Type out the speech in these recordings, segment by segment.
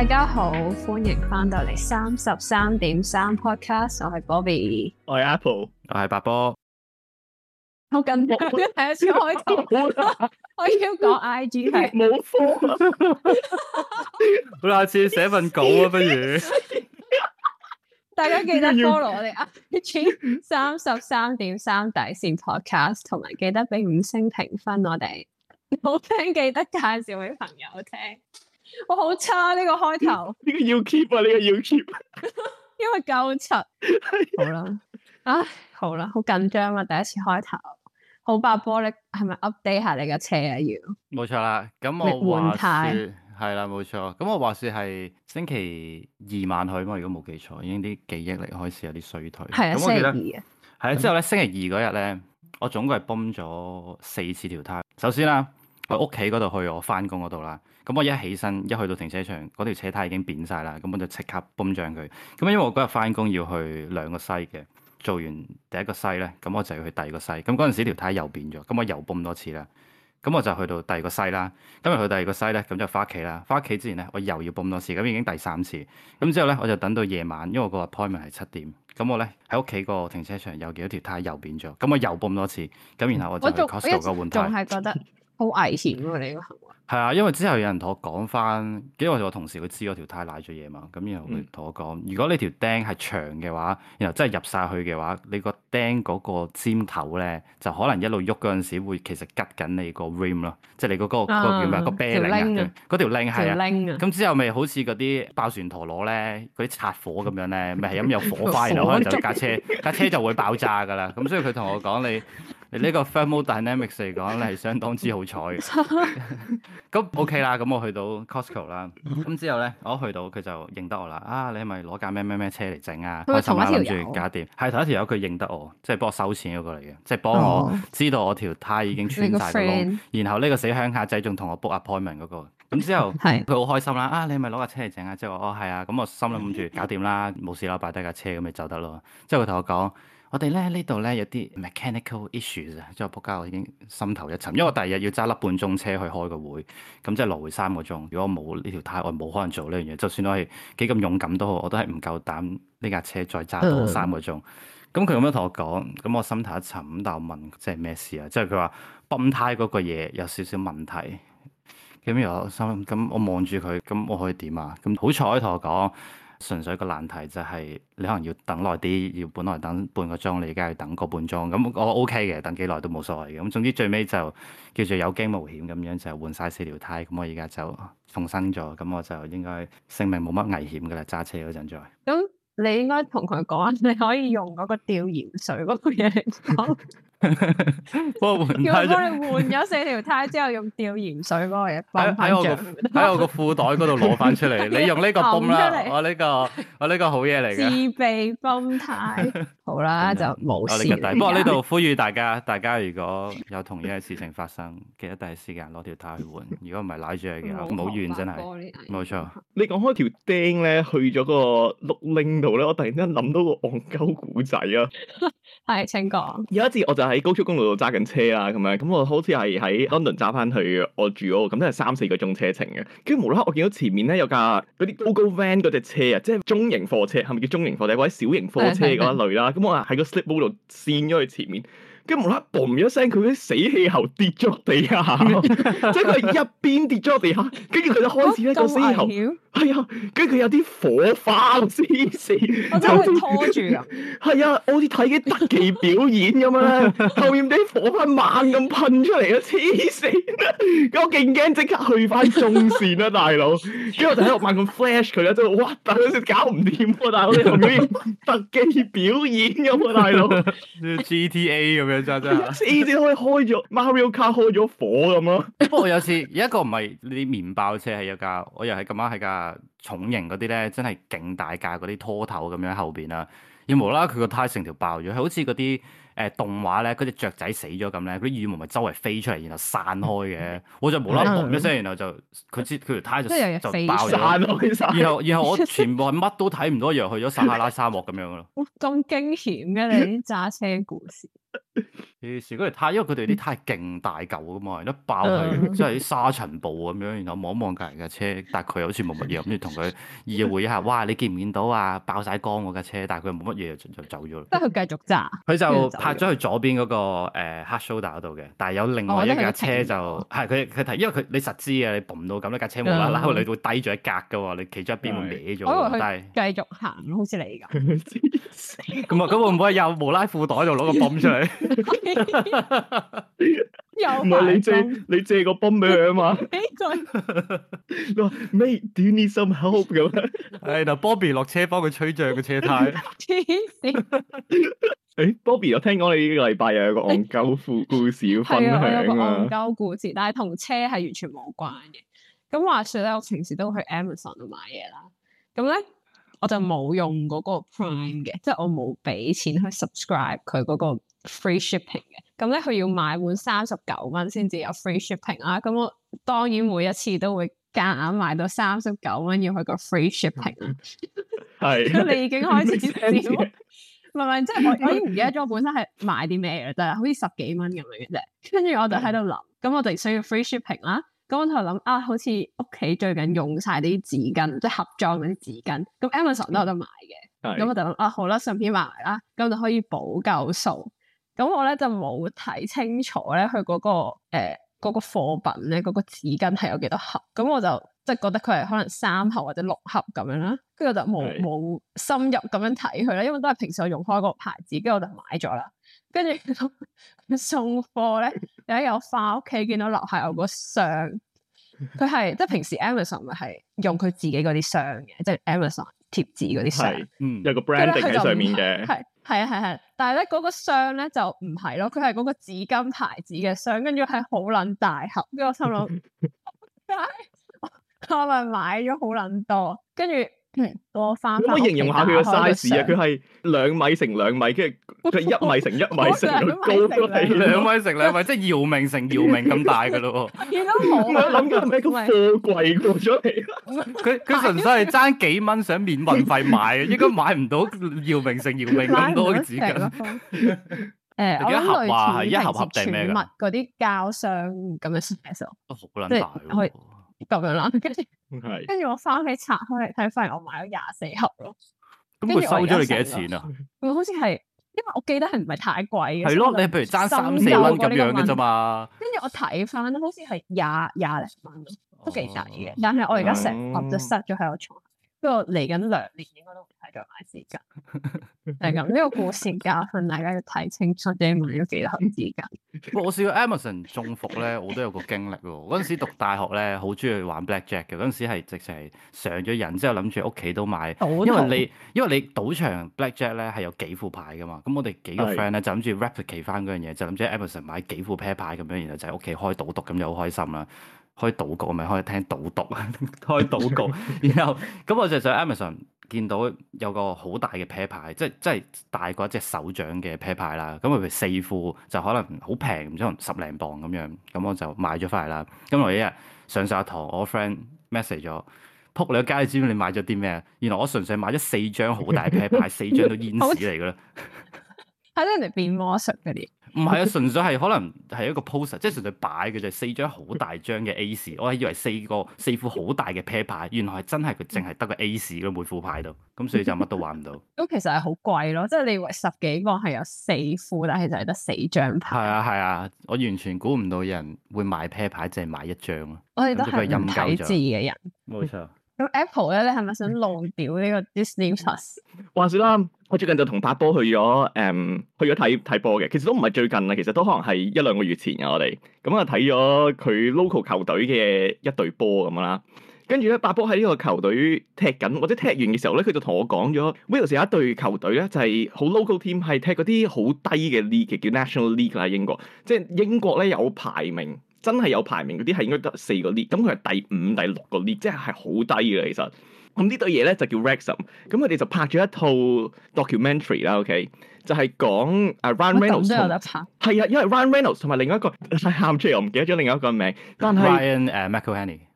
大家好，歡迎翻到嚟三十三點三 podcast，我係 Bobby，我係 Apple，我係白波。好緊張哇第一次先開頭啦。哇 我要講 IG 係冇好嗱，下次寫份稿啊不如。 大家記得 follow 我哋 IG 三十三點三底線 podcast，同埋記得俾五星評分我哋。好聽，記得介紹俾朋友聽。我好差呢、啊，這個開頭，呢 個要 keep 啊，呢、這個要 keep，啊、 因為九七。 好啦，唉，好啦，好緊張啊，第一次開頭，好爆玻璃，係咪 update 下你架車啊？要？冇錯啦，咁我換胎，係啦，冇錯，咁我話說係星期二晚去，如果冇記錯，已經啲記憶力開始有啲衰退。係啊咁我記得，星期二啊，係啊，之後咧星期二嗰日咧，我總共係崩咗四次條胎。首先啦。我去屋企嗰度去，我翻工嗰度啦。咁我一起身一去到停車場，嗰條車胎已經扁晒啦。咁我就即刻泵脹佢。咁因為我嗰日翻工要去兩個西嘅，做完第一個西咧，咁我就要去第二個西。咁嗰陣時條胎又扁咗，咁我又泵多次啦。咁我就去到第二個西啦。咁入去第二個西咧，咁就翻屋企啦。翻屋企之前咧，我又要泵多次，咁已經第三次。咁之後咧，我就等到夜晚，因為個我個 appointment 係七點。咁我咧喺屋企個停車場幾又幾多條胎又扁咗，咁我又泵多次。咁然後我就去我仲我一仲係好危險喎！你個行係啊，因為之後有人同我講翻，因為我同事佢知我條胎瀨咗嘢嘛，咁然後佢同我講，如果你條釘係長嘅話，然後真係入晒去嘅話，你個釘嗰個尖頭咧，就可能一路喐嗰陣時會其實拮緊你，你嗰個 rim 咯，即係你嗰個個叫咩個啤令啊，嗰條 link、呃、係啊，咁之後咪好似嗰啲爆旋陀螺咧，嗰啲擦火咁樣咧，咪係咁有火花，然後可能就架車架中車就會爆炸噶啦，咁、 嗯、所以佢同我講你。你呢 個 thermal dynamics 嚟講，你係相當之好彩嘅。咁 OK 啦，咁我去到 Costco 啦，咁之後咧，我去到佢就認得我啦。啊，你係咪攞架咩咩咩車嚟整啊？我心諗住搞掂，係頭一條友佢認得我，即係幫我收錢嗰、那個嚟嘅，即係幫我知道我條胎已經穿曬窿。哦那個、然後呢個死鄉下仔仲同我 book appointment 嗰、那個，咁之後佢好是開心啦、啊。啊，你係咪攞架車嚟整啊？之後我哦，係啊，咁、嗯、我心諗住搞掂啦，冇事啦，擺低架車咁咪走得咯。之後佢同我講。我哋咧，呢度咧，有啲 mechanical issues 啊，即係我仆街，我已經心頭一沉，因為我第二日要揸粒半鐘車去開個會，咁即係來回三個鐘。如果冇呢條胎，我冇可能做呢樣嘢。就算我係幾咁勇敢都好，我都係唔夠膽呢架車再揸多三個鐘。咁佢咁樣同我講，咁我心頭一沉。咁但係我問，即係咩事啊？即係佢話泵胎嗰個嘢有少少問題。咁又心諗，咁我望住佢，咁我可以點啊？咁好彩同我講。純粹個難題就係你可能要等耐啲，要本來要等半個鐘，你而家要等個半鐘，咁我 O K 嘅，等幾耐都冇所謂嘅。咁總之最尾就叫做有驚無險咁樣就換晒四條胎，咁我而家就重生咗，咁我就應該性命冇乜危險嘅啦。揸車嗰陣再，咁你應該同佢講，你可以用嗰個吊鹽水嗰個嘢嚟講。 我換胎，我換咗四條胎之後，用吊鹽水嗰，我一崩喺我個褲袋嗰度攞翻出嚟，你用呢個泵啦，我呢個我呢個好嘢嚟嘅，自備泵胎。好啦，就冇事。不過呢度呼籲大家，大家如果有同樣嘅事情發生，記得第一時間攞條胎去換。如果唔係拉住佢嘅，唔好怨真係。冇錯。你講開條釘咧，去咗個碌拎度咧，我突然之間諗到個戇鳩古仔啊。係，請講。有一次我就。喺高速公路度揸緊車啊，咁樣咁我好似係喺 London 揸翻去我住嗰度，咁都係三四個鐘車程嘅。跟住無啦，啦，我見到前面咧有架嗰啲 go go van 嗰隻車啊，即係中型貨車，係咪叫中型貨車，或者小型貨車嗰一類啦？咁 我話喺個 slip road 度跣咗佢前面。跟無啦嘣一聲，佢啲死氣喉跌咗地， 地下，即係佢一邊跌咗地下，跟住佢就開始咧麼個死氣喉，係啊險，跟住佢有啲火花，黐線，真係會拖住㗎，係啊、 哎，我好似睇啲特技表演咁啦，後面啲火花猛咁噴出嚟啊，黐線，咁、 哎、我勁驚，即刻去翻中線啦，大佬，跟住我喺度猛咁 flash 佢啦，真係哇，等佢搞唔掂啊，大佬，你同似特技表演咁啊，大佬 ，G T A 咁樣。真真，似 可以開咗 Mario Kart，開咗火咁咯。不過有時，有一次，一個唔係呢啲麵包車，係一架，我又係咁啱係架重型嗰啲咧，真係勁大架嗰啲拖頭咁樣後邊啦，而無啦，佢個胎成條爆咗，係好似嗰啲。誒動畫咧，嗰隻雀仔死咗咁咧，嗰啲羽毛咪周圍飛出嚟，然後散開嘅。 我就無啦啦嘣一聲， 然後就佢知佢條胎就就爆咗，然後然後我全部係乜都睇唔到，然 去咗撒哈拉沙漠咁樣咯。咁 驚險嘅、啊、你啲揸車故事。 啲事故嚟睇，因為佢哋啲胎勁大嚿噶嘛，係咯爆佢，即係啲沙塵暴咁樣。然後望一望隔籬架車，但係佢又好似冇乜嘢。咁住同佢意會一下，哇！你見唔見到啊？爆晒缸嗰架車，但係佢冇乜嘢，就走咗啦。佢繼續揸，佢他就續拍咗去左邊嗰、那個誒，黑 s o d 度嘅。但係有另外一架車就係佢，佢睇，因為佢你實知嘅，你冚到咁，一架車冇啦啦，佢嚟、嗯、低咗一格噶喎，你其中一邊歪咗，對但係繼續行，好似你咁。咁啊，佢會唔會又無拉褲袋就攞個泵出嚟？ 有，唔係 你借 你借個泵俾佢啊嘛，你再，佢話 Mate，do you need some help？咁，係嗱，Bobby 落車幫佢吹脹個車胎。誒，Bobby，我聽講你呢個禮拜又有個戇鳩故事要分享啊。係你啊，戇鳩故事，但係同車係完全冇關嘅。咁話說咧，我平時都去 Amazon 度買嘢啦。咁咧，我就冇用嗰個 Prime 嘅，即係我冇俾錢去 subscribe 佢嗰個。free shipping 嘅，咁咧佢要買滿三十九蚊先至有 free shipping 啦。咁我當然每一次都會夾硬買到三十九蚊要去個 free shipping。係，你已經開始唔知，明明即係我已經唔記得咗，我本身係買啲咩嘅，真係好似十幾蚊咁樣嘅啫。跟住我就喺度諗，咁我哋需要 free shipping 啦。咁我就諗啊，好似屋企最近用晒啲紙巾，即係盒裝嗰啲紙巾，咁 Amazon 都有得買嘅。咁我就諗啊，好啦，順便買啦，咁就可以補夠數。咁我咧就冇睇清楚咧，佢嗰、嗰個誒、欸嗰個貨品咧，嗰、嗰個紙巾係有幾多盒？咁我就即係覺得佢係可能三盒或者六盒咁樣啦。跟住我就冇冇是深入咁樣睇佢啦，因為都係平時我用開嗰個牌子，跟住我就買咗啦。跟住 送貨咧呢，有一日我翻屋企見到樓下有個箱，佢係即係平時 Amazon 咪係用佢自己嗰啲箱嘅，即、就、係、是、Amazon 貼紙嗰啲箱，嗯、有個 brand 喺上面嘅。係啊，係係，但係咧嗰個箱咧就唔係咯，佢係嗰個紙巾牌子嘅箱，跟住係好捻大盒，跟住我心諗， 我咪買咗好捻多，跟住。嗯，多翻。可以形容下佢個 size 啊，佢係兩米乘兩米，跟住佢一米乘一米乘到高咯，係兩米乘兩米，即係姚明乘姚明咁大噶咯。如果冇，我諗佢係咪個貨櫃過咗嚟？佢佢純粹係爭幾蚊想免運費買，應該買唔到姚明乘姚明咁多嘅紙巾。誒，一盒啊，一盒盒定咩噶？嗰啲膠箱咁嘅 size，好撚大。咁樣啦，跟住跟住我翻屋企拆開嚟睇，返嚟我買咗廿四盒咯。咁佢、嗯、收咗你幾多錢啊？佢好似係，因為我記得係唔係太貴嘅。係咯的，你譬如爭三四蚊咁樣嘅啫嘛。跟住我睇翻，看看好似係廿廿零蚊，都幾抵嘅。哦、但係我而家成盒就塞我 set 咗喺我床。嗯不過嚟緊兩年應該都唔使再買資金，係咁。呢個故事教訓大家要睇清楚，自己買咗幾多資金。 我試過 Amazon 中伏咧，我都有個經歷喎。嗰陣時讀大學咧，好中意玩 Black Jack 嘅。嗰陣時係直情係上咗人之後，諗住屋企都買，哦、因為你因為，因為你賭場 Black Jack 咧係有幾副牌噶嘛。咁我哋幾個 friend 咧是就諗住 replicate 翻嗰樣嘢，就諗住 Amazon 買幾副 pair 牌咁樣，然後就喺屋企開賭毒，咁就好開心啦。開賭局咪開聽賭毒啊，開賭局， 然後咁我就上 Amazon 見到有個好大嘅啤牌，即係即係大過一隻手掌嘅啤牌啦。咁佢四副就可能好平，唔知可能十零磅咁樣。咁我就買咗返嚟啦。咁我一日上上堂，我 friend message 咗，扑你個街，你知唔知你買咗啲咩？原來我純粹買咗四張好大啤牌， 四張都煙屎嚟噶啦。 睇到人哋變魔術嗰啲？唔係 啊，純粹係可能係一個 pose，即係純粹擺嘅就四張好大張嘅 A 市，S, 我係以為四個四副好大嘅 pair 牌，原來係真係佢淨係得個 A 市咯，S, 每副牌度，咁所以就乜都玩唔到。咁 其實係好貴咯，即係你十幾個係有四副，但係其實得四張牌。係啊係啊，我完全估唔到有人會買 pair 牌，就係買一張咯。我哋都係唔酒字嘅人。冇錯。Apple 咧，你係咪想浪掉呢個 Disney Plus？話說啦，我最近就同八波去咗誒、嗯，去咗睇睇波嘅。其實都唔係最近啦，其實都可能係一兩個月前嘅我哋。咁、嗯、啊睇咗佢 local 球隊嘅一隊波咁啦。跟住咧，八波喺呢個球隊踢緊或者踢完嘅時候咧，佢就同我講咗 Will 有一隊球隊咧就係、是、好 local team，係踢嗰啲好低嘅 le league，叫 National League 啦，英國。即係英國咧有排名。真係有排名嗰啲係應該得四個啲，咁佢係第五、第六個啲，即係好低嘅其實。咁呢對嘢咧就叫 Wrexham，咁佢哋就拍咗一套 documentary 啦，OK，就係講誒、uh, Ryan Reynolds。係啊，因為 Ryan Reynolds 同埋另外一個，出我喊住我唔記得咗另外一個名，但係。Ryan 誒 McElhenney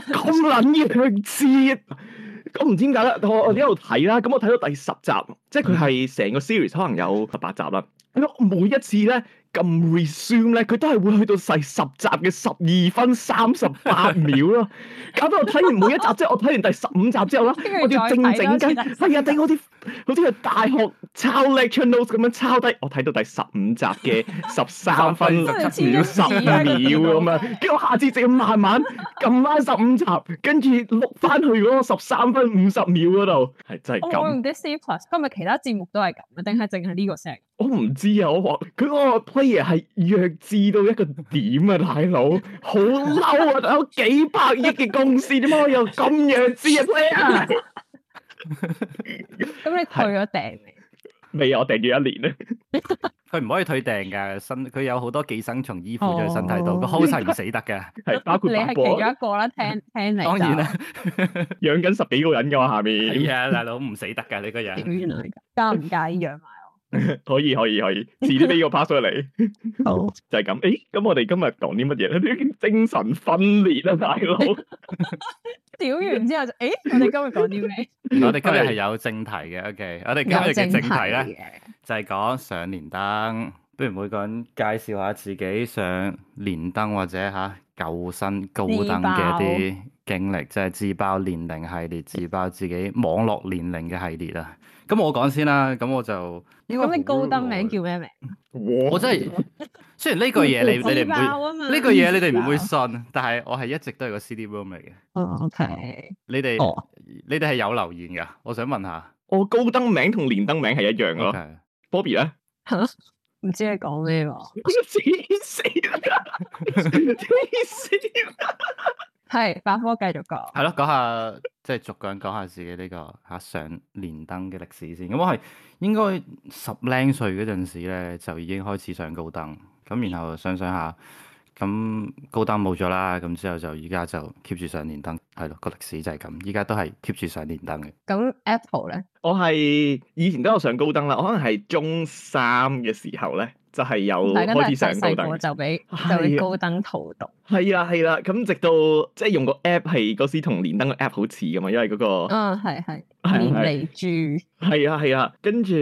咁撚嘅佢置，咁唔知點解咧？我我一路睇啦，咁我睇到第十集，即係佢係成個 series 可能有十八集啦。咁每一次咧。咁 resume 咧，佢都係會去到第十集嘅十二分三十八秒咯。搞到 我睇完每一集即係， 我睇完第十五集之後咧、哎，我要整整跟係啊，整嗰啲好似嘅大學抄 lecture notes 咁樣抄低。我睇到第 十五集嘅十三分五十秒咁啊。跟住 我下次就要慢慢撳翻十五集，跟住錄翻去嗰個十三分五十秒嗰度。係真係咁。我用 Disney Plus，今日其他節目都係咁啊，定係淨係呢個 set？ 我唔知啊！我話佢個 player 係弱智到一個點啊，大佬好嬲啊！有幾百億嘅公司點解我又咁弱智嘅 player？咁你退咗訂未？未啊！我訂咗一年咧，佢唔可以退訂噶。身佢有好多寄生蟲依附在身體度，佢 hold 晒唔死得嘅。係包括你係其中一個啦，聽聽你。當然啦，養緊十幾個人噶話，下面係啊，大佬唔死得噶你個人。原來介唔介意養埋？可以可以可以，自己呢個 pass 出嚟，好、oh. 就係咁。誒、欸，咁我哋今日講啲乜嘢咧？精神分裂喇，大佬！屌完之後就，誒、欸，我哋今， 今日講啲咩？我哋今日係有正題嘅。O、okay、K，我哋今日嘅正題咧，題就係講上連登，不如每個人介紹下自己上連登或者吓舊新高登嘅一啲。經歷就係自爆年齡系列，自爆自己網絡年齡嘅系列啦。咁我講先啦，咁我就你講咩高登名叫咩名？我真係雖然呢句嘢你你哋唔會呢句嘢你哋唔會信，但係我係一直都係個 CD room 嚟嘅。哦，係。你哋，你哋係有留言噶？我想問下，我高登名同連登名係一樣咯。Bobby 咧，吓唔知你講咩話？死死啦！死啦！係，百科繼續講。係咯，講下即係、就是、逐個人講下自己呢、這個吓上連登嘅歷史先。咁我係應該十零歲嗰陣時咧就已經開始上高登。咁然後想想下，咁高登冇咗啦，咁之後就而家就 keep 住上連登，係咯個歷史就係咁。依家都係 keep 住上連登嘅。咁 Apple 咧？我係以前都有上高登啦，我可能係中三嘅時候咧就係、是、有開始上高登，我就俾就高登荼毒。係啊，係啦、啊，咁直到即係用個 app 係嗰時同連登個 app 好似噶嘛，因為嗰、那個嗯係係係連微住係啊係啊，啊，啊，跟住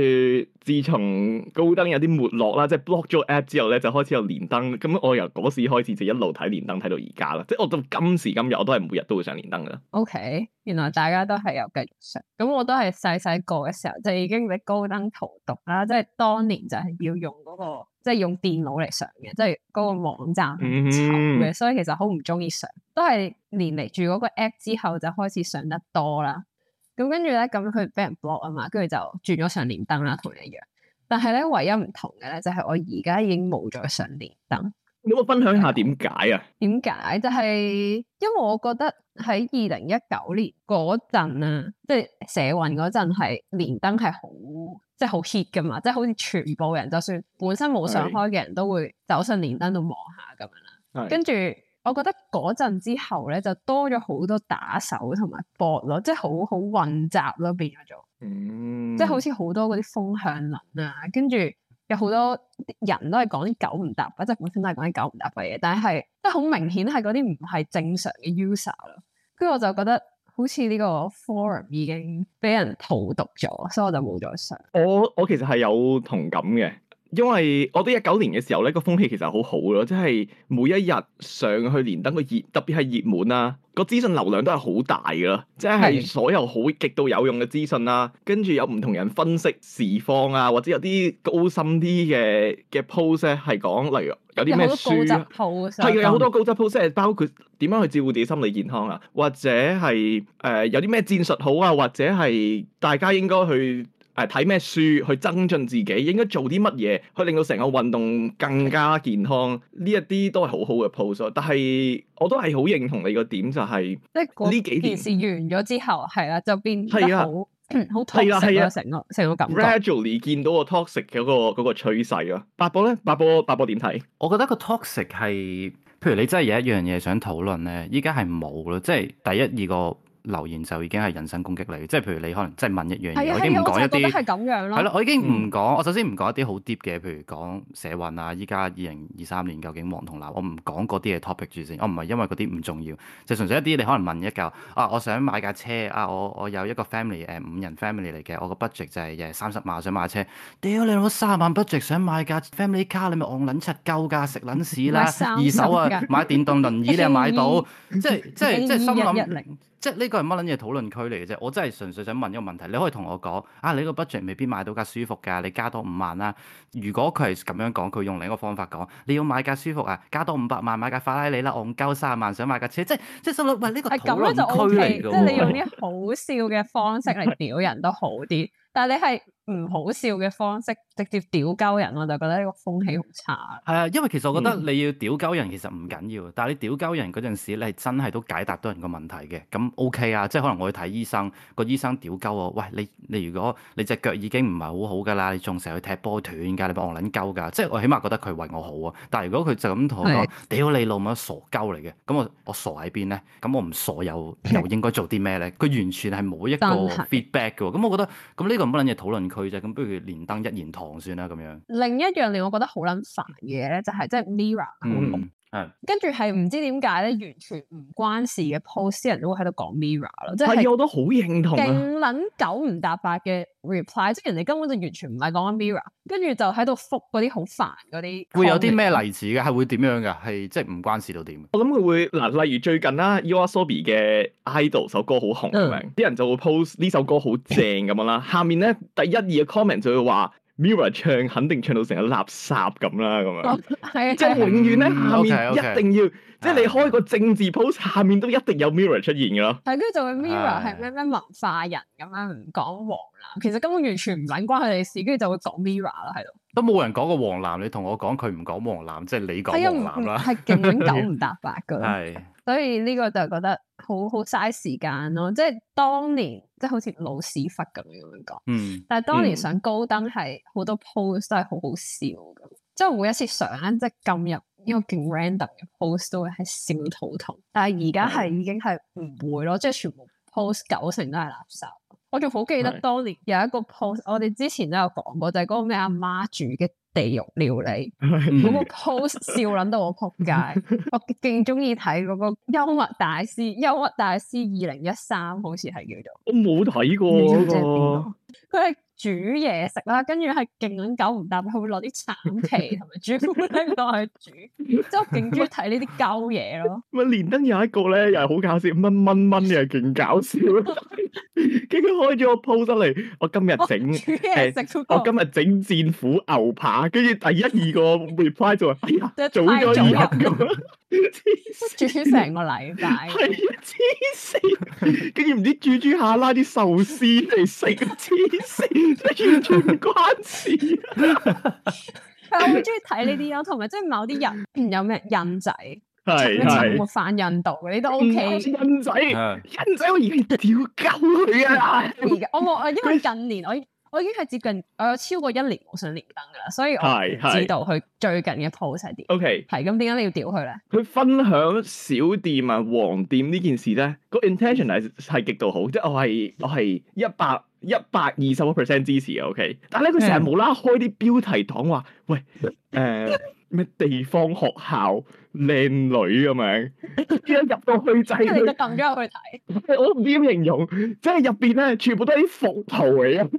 自從高登有啲沒落啦，即係 block 咗 app 之後咧，就開始有連登。咁我由嗰時開始就一路睇連登睇到而家啦，即係我到今時今日我都係每日都會上連登噶啦。O、okay, K，原來大家都係有繼續上，咁我都係細細個嘅時候就已經俾高登荼毒啦，即係當年就係要用嗰、那個。即係用電腦嚟上嘅，即係嗰個網站醜嘅，mm hmm。所以其實好唔中意上。都係連嚟住嗰個 app 之後就開始上得多啦。咁跟住咧，咁佢俾人 block 啊嘛，跟住就轉咗上連登啦，同你一樣。但係咧，唯一唔同嘅咧，就係我而家已經冇咗上連登。有冇分享下點解啊？點解就係、是、因為我覺得喺二零一九年嗰陣啊，即、就、係、是、社運嗰陣係連登係好即係好 hit 噶嘛，即、就、係、是、好似全部人就算本身冇上開嘅人是都會走上連登度望下咁樣啦。是跟住我覺得嗰陣之後咧就多咗好多打手同埋博咯，即係好好混雜咯變咗做，即係、嗯、好似好多嗰啲風向輪啊，跟住。有好多人都係講啲九唔搭八，即係本身都係講啲九唔搭八嘅嘢，但係都好明顯係嗰啲唔係正常嘅 user 咯。跟住我就覺得好似呢個 forum 已經俾人荼毒咗，所以我就冇再上。Um、我想我，我其實係有同感嘅。因為我覺得一九年嘅時候咧，個風氣其實好好咯，即係每一日上去連登個熱，特別係熱門啊，個資訊流量都係好大噶咯，即係所有好極度有用嘅資訊啦，跟住有唔同人分析時況啊，或者有啲高深啲嘅嘅 post 係講、啊，例如有啲咩書、啊，係有好多高質 post，係包括點樣去照顧自己心理健康啊，或者係誒、呃、有啲咩戰術好啊，或者係大家應該去。誒睇咩書去增進自己，應該做啲乜嘢去令到成個運動更加健康？呢一啲都係好好嘅 pose。但係我都係好認同你個點，就係即係呢幾件事完咗之後，係啦就變得好好，係啊係啊，成個成個感覺。Gradually 見到個 toxic 嗰個嗰個趨勢咯。八波咧，八波八波點睇？我覺得個 toxic 係，譬如你真係有一樣嘢想討論咧，依家係冇咯。即係第一二個。留言就已經係人身攻擊嚟，即係譬如你可能即係問一樣嘢，我已經唔講一啲係咁樣咯，我已經唔講。我首先唔講一啲好 deep 嘅，譬如講社運啊，依家二零二三年究竟黃同藍，我唔講嗰啲嘅 topic 住先。我唔係因為嗰啲唔重要，就純粹一啲你可能問一嚿啊，我想買架車啊，我我有一個 family 誒五人 family 嚟嘅，我個 budget 就係三十萬想買車。屌你攞三十萬 budget 想買架 family car，你咪戇撚柒夠㗎，食撚屎啦！二手啊，買電動輪椅你又買到，即係即係即係心諗一零。即係呢個係乜撚嘢討論區嚟嘅啫，我真係純粹想問一個問題，你可以同我講啊，你呢個 budget 未必買到架舒服㗎，你加多五萬啦，啊。如果佢係咁樣講，佢用另一個方法講，你要買架舒服啊，加多五百萬買架法拉利啦，戇鳩三十萬想買架車，即係即係心諗。喂，呢、呢個討論區嚟㗎喎。係咁樣就 O K。即係你用啲好笑嘅方式嚟屌人都好啲。 但係你係唔好笑嘅方式，直接屌鳩人，我就覺得呢個風氣好差。係啊，因為其實我覺得你要屌鳩人其實唔緊要，嗯、但係你屌鳩人嗰陣時，你係真係都解答到人個問題嘅，咁 OK 啊。即係可能我去睇醫生，個醫生屌鳩我，喂你，你如果你隻腳已經唔係好好噶啦，你仲成日去踢波斷噶，你咪戇撚鳩噶。即係我起碼覺得佢為我好啊。但係如果佢就咁同我講屌的你老母傻鳩嚟嘅，咁我我傻喺邊咧？咁我唔傻又又應該做啲咩咧？佢 完全係冇一個 feedback 嘅。咁我覺得咁呢、呢個。做乜撚嘢討論區啫？咁不如連登一言堂算啦，咁樣。另一樣令我覺得好撚煩嘅嘢咧，就係即係 mirror。嗯。嗯、跟住係唔知點解咧，完全唔關事嘅 post，啲人都會喺度講 mirror 咯，即係，係我都好認同、啊，勁捻九唔搭八嘅 reply，即係人哋根本就完全唔係講 mirror 跟住就喺度覆嗰啲好煩嗰啲，會有啲咩例子嘅？會係、嗯、會點樣嘅？係即係唔關事到點？我諗佢會嗱，例如最近啦，YOASOBI 嘅 Idol 首歌好紅，啲、嗯、人就會 post 呢首歌好正咁樣啦，嗯、下面咧第一第二個 comment 就會話。Mirror 唱肯定唱到成個垃圾咁啦，咁啊、哦，即係永遠咧、嗯、下面 okay, okay, 一定要，即係 okay, 你開個政治 post，okay, 下面都一定有 Mirror 出現嘅咯。係，跟住就會 Mirror 係咩咩文化人咁樣唔講黃藍，其實根本完全唔撚關佢哋事，跟住就會講 Mirror 啦，係咯，都冇人講過黃藍，你同我講佢唔講黃藍，即、就、係、是、你講黃藍啦，係緊九唔搭八嘅。 所以呢個就覺得好好嘥時間咯，即係當年即係好似老屎忽咁樣咁樣講。嗯。但係當年上高登係好多 post 都係好好笑咁，嗯、即係每一次上即係撳入呢個 random 嘅 post 都會係笑肚痛。但係而家係已經係唔會咯，即係全部 post 九成都係垃圾。我仲好記得當年有一個 post，的我哋之前都有講過，就係、是、嗰個咩阿媽，媽住嘅。地獄料理，嗰 個 post 笑捻到我撲街， 我勁中意睇嗰個幽默大師，幽默大師二零一三好似係叫做，我冇睇過佢、嗰、係、個。煮嘢食啦，跟住係勁撚鳩唔搭，佢會落啲橙皮同埋豬骨喺度去煮，即係 我勁中意睇呢啲鳩嘢咯。咪 連登有一個咧又係好搞笑，蚊蚊蚊又勁搞笑，跟住開咗個 post 嚟，我今日整，我今日整戰斧牛扒，跟住第一 第二個 reply 就話、哎、早咗二日咁。 黐住住成個禮拜，係黐線，竟然唔知煮煮下拉啲壽司嚟食，黐線完全唔關事。係 我好中意睇呢啲咯，同埋即係某啲人有咩印仔，係係反印度，你都 OK。印仔，印仔我而家屌鳩佢啊！我冇，因為近年我。我已經係接近，我有超過一年冇上連登㗎喇，所以我知道佢最近嘅 post 係點。O K. 係咁，點解你要屌佢咧？佢分享小店啊、黃店呢件事咧，個 intention 係係極度好，即係我係我係一百一百二十個 percent 支持 O、okay? K. 但係咧，佢成日冇啦開啲標題黨話，喂誒。呃 咩地方學校靚女咁樣，一入到去就撳咗去睇。 我唔知點形容，即係入邊咧，全部都係啲伏圖嚟。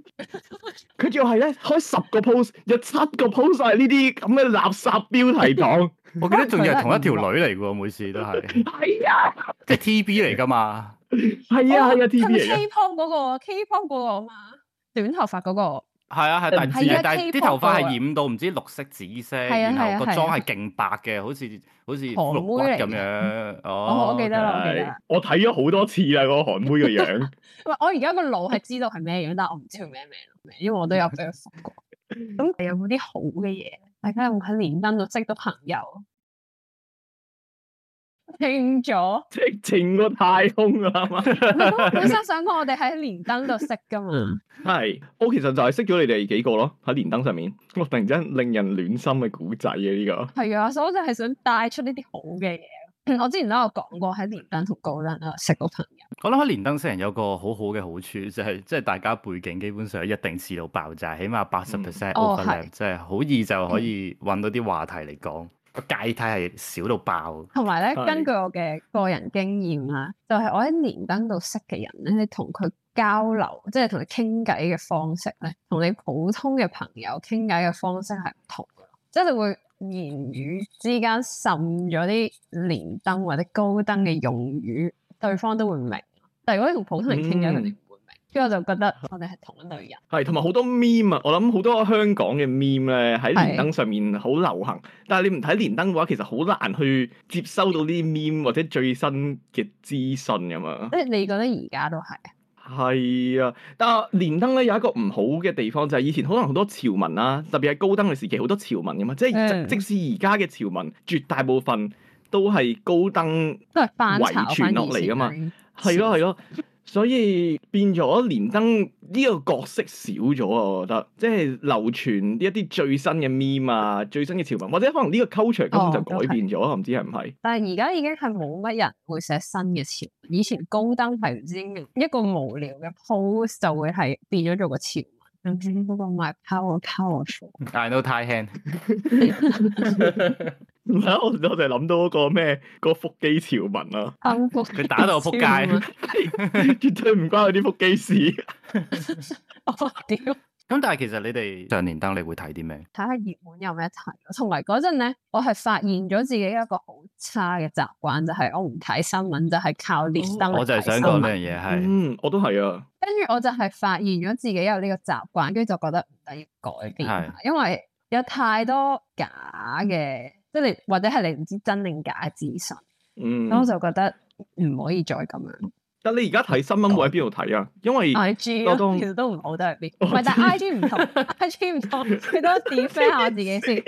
佢仲係咧開十個 post 有七個 post 晒呢啲咁嘅垃圾標題黨。 我記得仲要係同一條女嚟嘅喎， 每次都係。係 是啊，即係 T B 嚟噶嘛？係 啊，有 T B。佢、啊、K pop 嗰、那個 ，K pop 嗰個嘛，短頭髮嗰、那個。係啊係，但係但係啲頭髮係染到唔知綠色紫色，的然後個妝係勁白嘅，的好似好似韓妹嚟咁樣。哦，我記得啦，的我睇咗好多次啦，嗰 個韓妹個樣。喂，我而家個腦係知道係咩樣，但我唔知佢咩名，因為我都有俾佢服過。咁你 有冇啲好嘅嘢？大家有冇喺連登度識到朋友？傾咗，即係 整個太空啦，係嘛？本身想講我哋喺連登度識噶嘛，係，我其實就係識咗你哋幾個咯，喺連登上面，我突然之間令人暖心嘅古仔啊，呢、這個係啊， 所以我就係想帶出呢啲好嘅嘢。 我之前都有講過喺連登同高登啊識到朋友。我諗喺連登識人有個好好嘅好處就係，即係大家背景基本上一定似到爆炸，起碼八十 percent，哦係，即係好易就可以揾到啲話題嚟講。嗯個界體係少到爆，同埋咧，根據我嘅個人經驗啦，就係我喺連登度識嘅人咧，你同佢交流，即係同佢傾偈嘅方式咧，同你普通嘅朋友傾偈嘅方式係唔同嘅，即係會言語之間滲咗啲連登或者高登嘅用語，對方都會明。但係如果你同普通人傾偈，嗯跟住我就覺得我哋係同一類人，係同埋好多 meme，我諗好多香港嘅 meme 呢喺連登上面好流行，是但係你唔睇連登嘅話，其實好難去接收到啲 meme 或者最新嘅資訊咁啊！即係你覺得而家都係係啊！但係連登咧有一個唔好嘅地方就係、是、以前可能好多潮文啦，特別係高登嘅時期，好多潮文。噶嘛，即係、嗯、即使而家嘅潮文，絕大部分都係高登遺傳嘛都係翻炒翻熱嘅，係咯係咯。所以變咗連登呢個角色少咗啊！我覺得即係流傳一啲最新嘅 meme 啊，最新嘅潮文，或者可能呢個 culture 根本就改變咗，唔、哦、知係唔係？但係而家已經係冇乜人會寫新嘅潮文。以前高登係唔知一個無聊嘅 post 就會係變咗做個潮文，甚至嗰個 my power powerful I know Thai 我我就諗到嗰個咩，嗰、嗰個腹肌潮文啦、啊，你打到我扑街， 絕對唔關佢啲腹肌事。屌，咁但係其實你哋上連登你會睇啲咩？睇下熱門有咩睇。同埋嗰陣咧，我係發現咗自己一個好差嘅習慣，就係、是、我唔睇新聞，就係、是、靠連登嚟睇新聞、哦、我就係想講呢樣嘢係，嗯，我都係啊。跟住我就係發現咗自己有呢個習慣，跟住就覺得唔得要改變，是因為有太多假嘅。即係你或者係你唔知真定假嘅資訊，咁我就覺得唔可以再咁樣。但你而家睇新聞會喺邊度睇啊？因為 IG 其實都唔好得入邊，唔係但 IG 唔同，IG 唔同，最多 defend 下自己先。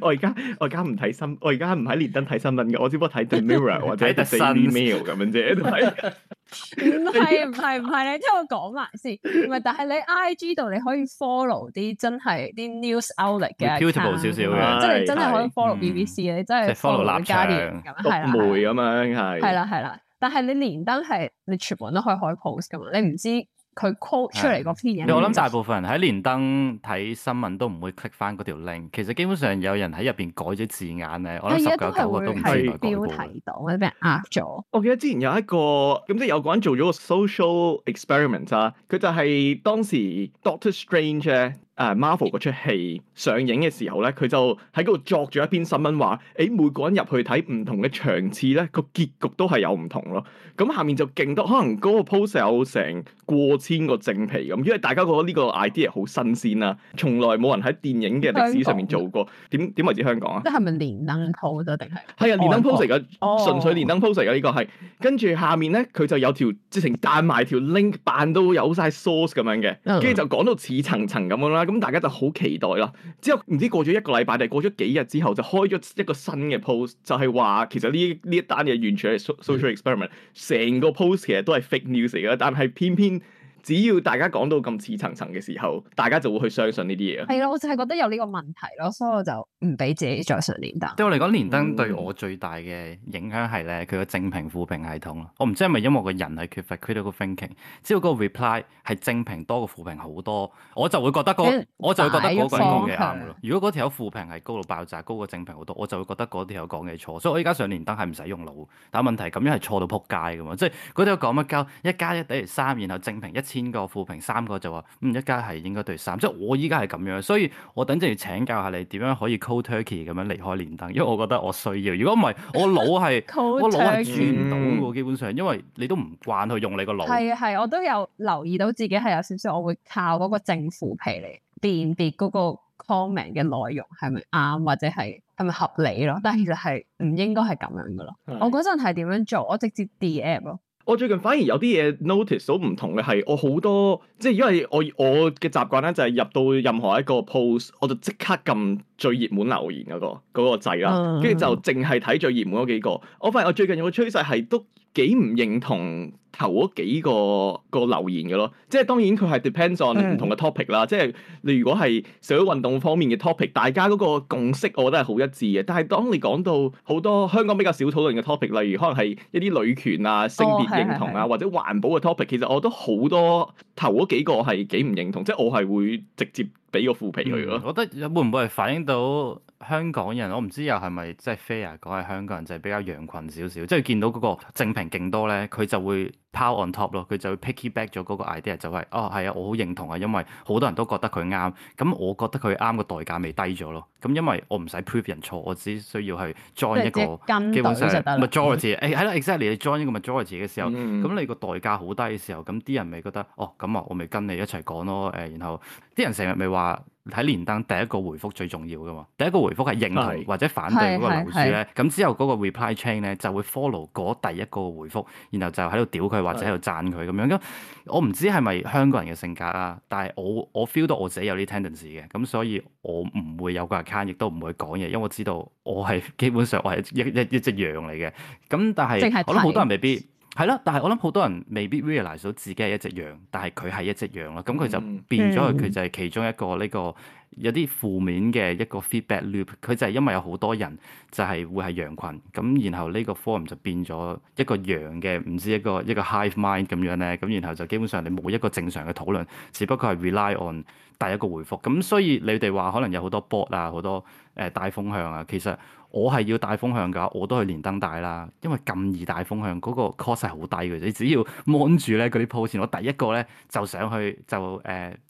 我而家我而家唔睇新，我而家唔喺連登睇新聞嘅，我只不過睇 The Mirror 或者 Daily Mail 咁樣啫。唔係唔係唔係，你聽我講埋先。唔係，但係你 I G 度你可以 follow 啲真係啲 news outlet 嘅 cuteable 少少嘅。即係、嗯、真係可以 fo BBC, 你 fo、嗯、follow B B C 咧，真係 follow 男立場、嗎讀媒咁樣係。係啦係啦，但係你連登係你全部都可以開 post 噶嘛？你唔知？佢 call 出嚟嗰篇嘢，我諗大部分人喺連登睇新聞都唔會 click 返嗰條 link。其實基本上有人喺入邊改咗字眼咧，的我諗十九九個都唔會講到。乜嘢都係會係標題黨或者俾人呃咗。我記得之前有一個咁即係有個人做咗個 social experiment 啊，佢就係當時 Doctor Strange 啊。誒、uh, Marvel 嗰出戲上映嘅時候咧，佢就喺嗰度作咗一篇新聞話，誒、欸、每個人入去睇唔同嘅場次咧，個結局都係有唔同咯。咁、嗯、下面就勁多，可能嗰個 post 有成過千個正皮咁，因為大家覺得呢個 idea 好新鮮啦，從來冇人喺電影嘅歷史上面做過。點點港為之香港啊？即係咪連登 post 定係係啊，連登 post 嚟噶，哦、純粹連登 post 嚟噶呢個係。跟住下面咧，佢就有條直情彈埋條 link，彈到有晒 source 咁樣嘅，跟住、嗯、就講到似層層咁樣啦。嗯咁大家就好期待啦，之後唔知過咗一個禮拜定過咗幾日之後，就開咗一個新嘅 post，就係話其實呢呢一單嘢完全係 social experiment，成個 post 其實都係 fake news 嚟嘅，但係偏偏。只要大家講到咁似層層嘅時候，大家就會去相信呢啲嘢啊。係咯，我就係覺得有呢個問題咯，所以我就唔俾自己再上連登。對我嚟講，連登對我最大嘅影響係咧，佢個正評負評系統咯。我唔知係咪因為個人係缺乏 critical thinking，只要個 reply 係正評多過負評好多，我就會覺得嗰、嗰個、我就覺得嗰啱，如果嗰條負評係高到爆炸，高過正評好多，我就會覺得嗰條講嘅係錯。所以我而家上連登係唔使用腦，但問題咁樣係錯到撲街嘅嘛。即係嗰啲講乜鳩一加一等於三，3, 然後正評一千個負評，三個就話，咁而家係應該對三，即係我依家係咁樣，所以我等陣要請教下你點樣可以 cold turkey 咁樣離開連登，因為我覺得我需要。如果唔係， 我腦係我腦係轉唔到喎，基本上，因為你都唔慣去用你個腦。係啊係，我都有留意到自己係有少少，我會靠嗰個正負評嚟辨別嗰個 comment 嘅內容係咪啱或者係係咪合理咯？但係其實係唔應該係咁樣嘅咯。是我嗰陣係點樣做？我直接 DM 咯。我最近反而有啲嘢 notice 到唔同嘅係，我好多即係因為我我嘅習慣咧就係入到任何一個 post 我就即刻撳最熱門留言嗰個嗰個掣啦，跟住、uh huh. 就淨係睇最熱門嗰幾個。我發現我最近有個趨勢係都幾唔認同。頭嗰幾個個留言嘅咯，即係當然佢係 depends on 唔同嘅 topic 啦。即係你如果係社會運動方面嘅 topic，大家嗰個共識我覺得係好一致嘅。但係當你講到好多香港比較少討論嘅 topic，例如可能係一啲女權啊、性別認同啊，哦、或者環保嘅 topic，其實我都好多頭嗰幾個係幾唔認同，即係我係會直接俾個負評佢咯。嗯、我覺得會唔會係反映到香港人？我唔知又係咪即係 fair 講係香港人就係比較羊群少少，即係見到嗰個正評勁多咧，佢就會，power on top 咯，佢就會 picky back 咗嗰個 idea 就係，哦係啊，我好認同啊，因為好多人都覺得佢啱，咁我覺得佢啱個代價咪低咗咯，咁因為我唔使 prove 人錯，我只需要係 join 一個基本上 majority，誒係啦 exactly，你 join 一個 majority 嘅時候，咁 你個代價好低嘅時候，咁啲人咪覺得，哦咁啊，我咪跟你一齊講咯，誒，然後啲人成日咪話。睇連登第一個回覆最重要噶嘛，第一個回覆係認同或者反對嗰個樓主咧，咁之後嗰個 reply chain 咧就會 follow 嗰第一個回覆，然後就喺度屌佢或者喺度讚佢咁是樣。咁我唔知係咪香港人嘅性格啊，但係我我 feel 到我自己有啲 tendency 嘅，咁所以我唔會有個 account，亦都唔會講嘢，因為我知道我係基本上我係一一一,一隻羊嚟嘅。咁但係是可能好多人未必。係咯，但係我諗好多人未必 realize 到自己係一隻羊，但係佢係一隻羊咯，咁佢就變咗佢就係其中一個呢個有啲負面嘅一個 feedback loop。佢就係因為有好多人就係會係羊群咁然後呢個 forum 就變咗一個羊嘅，唔知一個一個 hive mind 咁樣咧，咁然後就基本上你冇一個正常嘅討論，只不過係 rely on 第一個回覆。咁所以你哋話可能有好多 bot 啊，好多誒大風向啊，其實。我係要帶風向嘅，我都係連登帶啦，因為咁易帶風向嗰個 cost 係好低嘅，你只要望住咧嗰啲 post，我第一個咧就上去就誒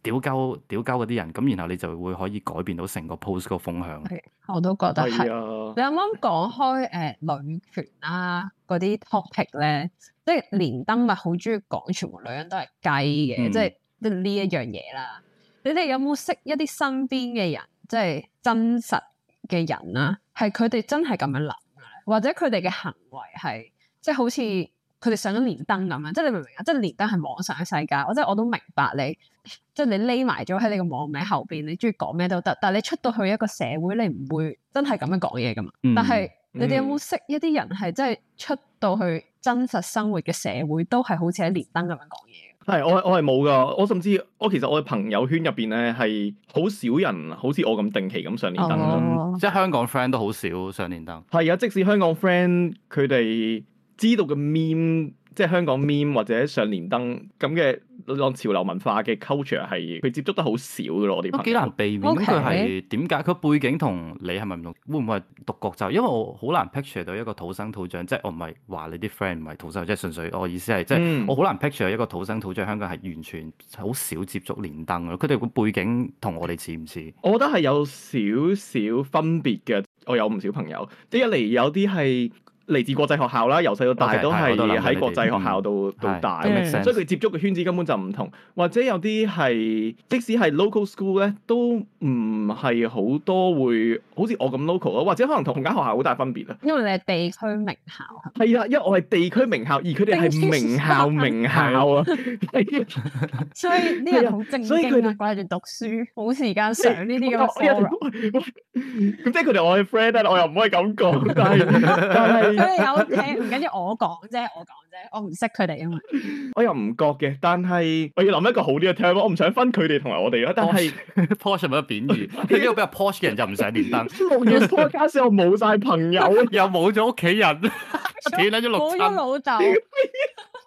屌鳩屌鳩嗰啲人，咁然後你就會可以改變到成個 post 個風向。我都覺得係。啊，你啱啱講開呃女權啊嗰啲 topic 咧，即係連登咪好中意講，全部女人都係雞嘅，即係呢一樣嘢啦。你哋有冇識一啲身邊嘅人，即係真實嘅人啊？係佢哋真係咁樣諗，或者佢哋嘅行為係即係好似佢哋上咗連登咁樣，即係你明唔明啊？即係連登係網上嘅世界，我即係我都明白你，即係你匿埋咗喺你個網名後邊，你中意講咩都得。但係你出到去一個社會，你唔會真係咁樣講嘢噶嘛。嗯、但係你哋有冇識一啲人係真係出到去真實生活嘅社會，都係好似喺連登咁樣講嘢？係，我係我係冇㗎，我甚至我其實我嘅朋友圈入邊咧係好少人，好似我咁定期咁上連登啦，uh huh. 即係香港 friend 都好少上連登。係啊，即使香港 friend 佢哋知道嘅 meme。即係香港 meme 或者上連登咁嘅當潮流文化嘅 culture 係佢接觸得好少咯，我哋朋友都幾難避免。佢係點解佢背景同你係咪唔同？會唔會係獨角獸？因為我好難 picture 到一個土生土長，即係我唔係話你啲 friend 唔係土生，即係純粹我意思係，即係、嗯、我好難 picture 一個土生土長香港係完全好少接觸連登咯。佢哋個背景同我哋似唔似？我覺得係有少少分別嘅。我有唔少朋友，即係一嚟有啲係。嚟自國際學校啦，由細到大都係喺國際學校度度大，所以佢接觸嘅圈子根本就唔同，或者有啲係即使係 local school 咧，都唔係好多會好似我咁 local 咯，或者可能同間學校好大分別啊。因為你係地區名校。係啊，因為我係地區名校，而佢哋係名校名校啊，所以呢人好正，所以佢哋掛住讀書，冇時間上呢啲咁嘅嘢。咁即係佢哋我嘅 friend 咧，我又唔可以咁講。佢有嘅，唔緊要我講啫，我講啫，我唔識佢哋啊嘛。我又唔覺嘅，但係我要諗一個好啲嘅 topic，我唔想分佢哋同埋我哋啊。但係 post 唔好貶義，呢個比較 post 嘅人就唔使連登。六月拖家時，我冇曬朋友，又冇咗屋企人，冇咗老竇。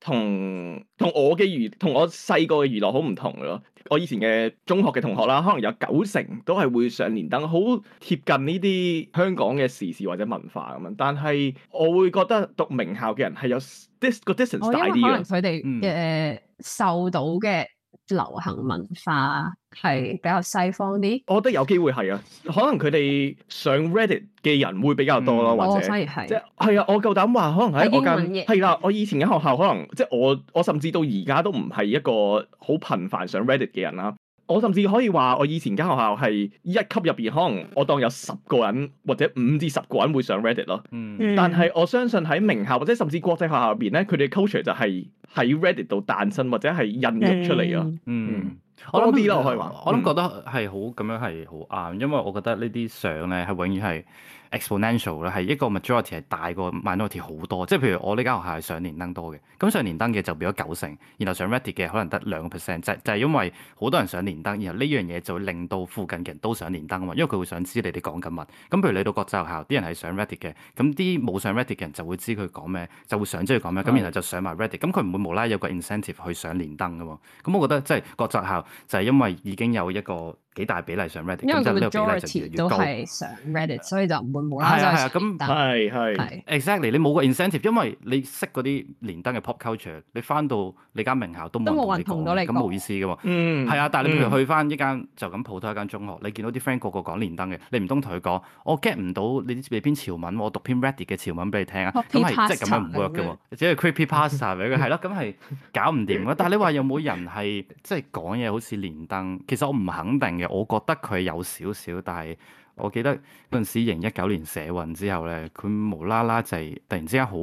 同同我嘅娛同我細個嘅娛樂好唔同咯，我以前嘅中學嘅同學啦，可能有九成都係會上連登，好貼近呢啲香港嘅時事或者文化咁樣。但係我會覺得讀名校嘅人係有 d 個 distance 大啲嘅，哦，佢哋誒受到嘅。流行文化係比較西方啲，我覺得有機會係啊，可能佢哋上 Reddit 嘅人會比較多咯，嗯哦、或者即係係啊，我夠膽話，可能喺我間係啦，我以前嘅學校可能即係我我甚至到而家都唔係一個好頻繁上 Reddit 嘅人啦。我甚至可以話，我以前間學校係一級入邊，可能我當有十個人或者五至十個人會上 Reddit 咯。嗯，但係我相信喺名校或者甚至國際學校入邊咧，佢哋嘅 culture 就係喺 Reddit 度誕生或者係孕育出嚟咯。嗯。嗯。我諗呢個可以話，吧我諗覺得係好咁樣係好啱，因為我覺得呢啲相咧係永遠係 exponential 咧，係一個 majority 係大過 minority 好多。即係譬如我呢間學校係上連登多嘅，咁上連登嘅就變咗九成，然後上 Reddit 嘅可能得兩個 percent。就就是、係因為好多人上連登，然後呢樣嘢就會令到附近嘅人都上連登啊嘛。因為佢會想知你哋講緊乜。咁譬如你到國際學校，啲人係上 Reddit 嘅，咁啲冇上 Reddit 嘅人就會知佢講咩，就會想知佢講咩，咁是然後就上埋 Reddit 咁佢唔會無啦啦有個 incentive 去上連登嘅嘛。咁我覺得即係國際學校。就係因為已經有一個。幾大比例上 Reddit，咁就呢個比例就越高，都係上 Reddit，所以就唔會冇人睇啊，係係係 exactly，你冇個 incentive，因為你識嗰啲連登嘅 pop culture，你翻到你間名校都冇人同你講，咁冇意思嘅喎。係啊，但係你譬如去翻一間就咁普通一間中學，你見到啲 friend 個個講連登嘅，你唔通同佢講，我 get 唔到你你篇潮文，我讀篇 Reddit 嘅潮文俾你聽啊，咁係即係咁樣唔 work 嘅，只係 creepy pasta 俾佢。係咯，咁係搞唔掂。但係你話有冇人係即係講嘢好似連登，其實我唔肯定嘅。我覺得佢有少少，但係我記得嗰陣時二零一九年社運之後咧，佢無啦啦就係突然之間好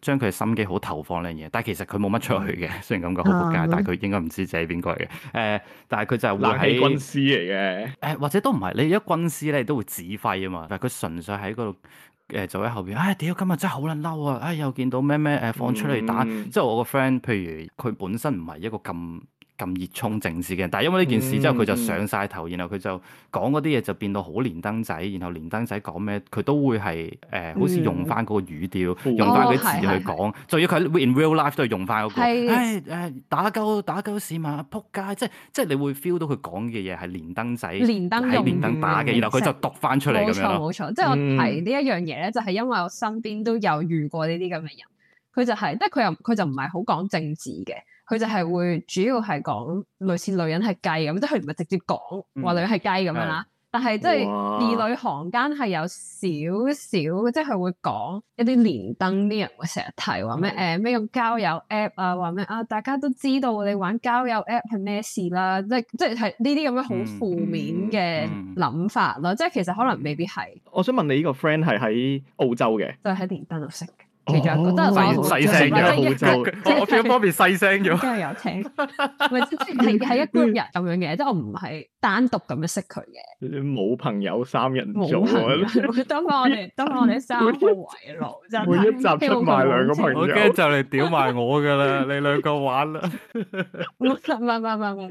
將佢嘅心機好投放呢樣嘢。但係其實佢冇乜出去嘅，雖然感覺好撲街，但係佢應該唔知自己係邊個嚟嘅。誒，但係佢就係會喺軍師嚟嘅。誒，或者都唔係你，如果軍師咧都會指揮啊嘛。但係佢純粹喺嗰度誒坐喺後邊。唉，屌！今日真係好撚嬲啊！唉、哎，又見到咩咩誒放出嚟打。嗯、即係我個 friend，譬如佢本身唔係一個咁，咁熱衷政治嘅人，但係因為呢件事之後，佢就上晒頭，嗯、然後佢就講嗰啲嘢就變到好連登仔，然後連登仔講咩，佢都會係誒、呃，好似用翻嗰個語調，嗯哦、用翻嗰啲詞去講，仲要佢喺 in real life 都係用翻嗰、嗰個，誒是、哎、打鳩打鳩市民，仆街，即係即係你會 feel 到佢講嘅嘢係連登仔，睇連登，連登打嘅，然後佢就讀翻出嚟咁樣，冇錯，冇錯，即係、嗯、我提呢一樣嘢咧，就係因為我身邊都有遇過呢啲咁嘅人。佢就係、是，即係佢又佢就唔係好講政治嘅，佢就係會主要係講類似女人係雞咁，即係佢唔係直接講話女人係雞咁樣啦，哦嗯、但係即係字裏行間係有少少，哇即係佢會講一啲連登啲人會成日提話咩誒咩用交友 app 啊，話咩啊大家都知道你玩交友 app 係咩事啦、啊，即即係呢啲咁樣好負面嘅諗法囉，嗯嗯嗯、即係其實可能未必係。我想問你呢個 friend 係喺澳洲嘅，即就喺連登度識。其實我真係講好細聲咗，我 feel 方便細聲咗。今日有聽，唔係係係一班人咁樣嘅，即係我唔係單獨咁樣識佢嘅。冇朋友三人組，當我哋當我哋三個圍爐，真係。每一集出埋兩個朋友，驚就嚟屌埋我噶啦！你兩個玩啦。唔唔唔唔唔，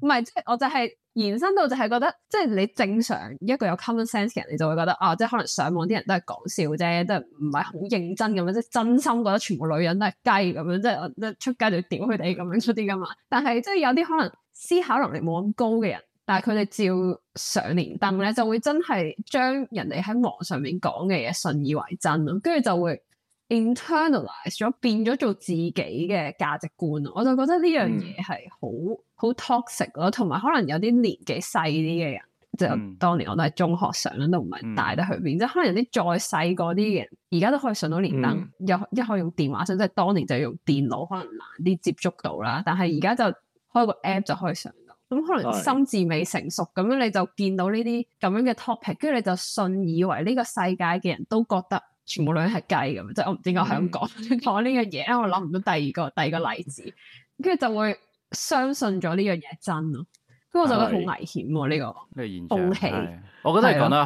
唔係即係我就係。延伸到就係覺得，即係你正常一個有 common sense 嘅人，你就會覺得啊，即係可能上網啲人都係講笑啫，即係唔係好認真咁樣，即係真心覺得全部女人都係雞咁樣，即係出街就屌佢哋咁樣出啲噶嘛。但係即係有啲可能思考能力冇咁高嘅人，但係佢哋照上年燈上連登咧，就會真係將人哋喺網上面講嘅嘢信以為真咯，跟住就會。internalize 咗，Internal ized，變咗做自己嘅價值觀，我就覺得呢樣嘢係好好 toxic 咯，同埋、嗯、可能有啲年紀細啲嘅人，即、嗯、就當年我都係中學上緊都唔係大得去邊，即係、嗯、可能有啲再細個啲嘅人，而家都可以上到連登，又、嗯、一可以用電話上，即、就、係、是、當年就用電腦，可能難啲接觸到啦。但係而家就開個 app 就可以上到，咁可能心智未成熟，咁、嗯、樣你就見到呢啲咁樣嘅 topic，跟住你就信以為呢個世界嘅人都覺得。全部兩隻雞咁，即係我唔知點解係咁講講呢樣嘢， 我諗唔到第二個第二個例子，跟住就會相信咗呢樣嘢真咯，跟住我就覺得好危險喎、啊，呢 個風氣。我覺得你講得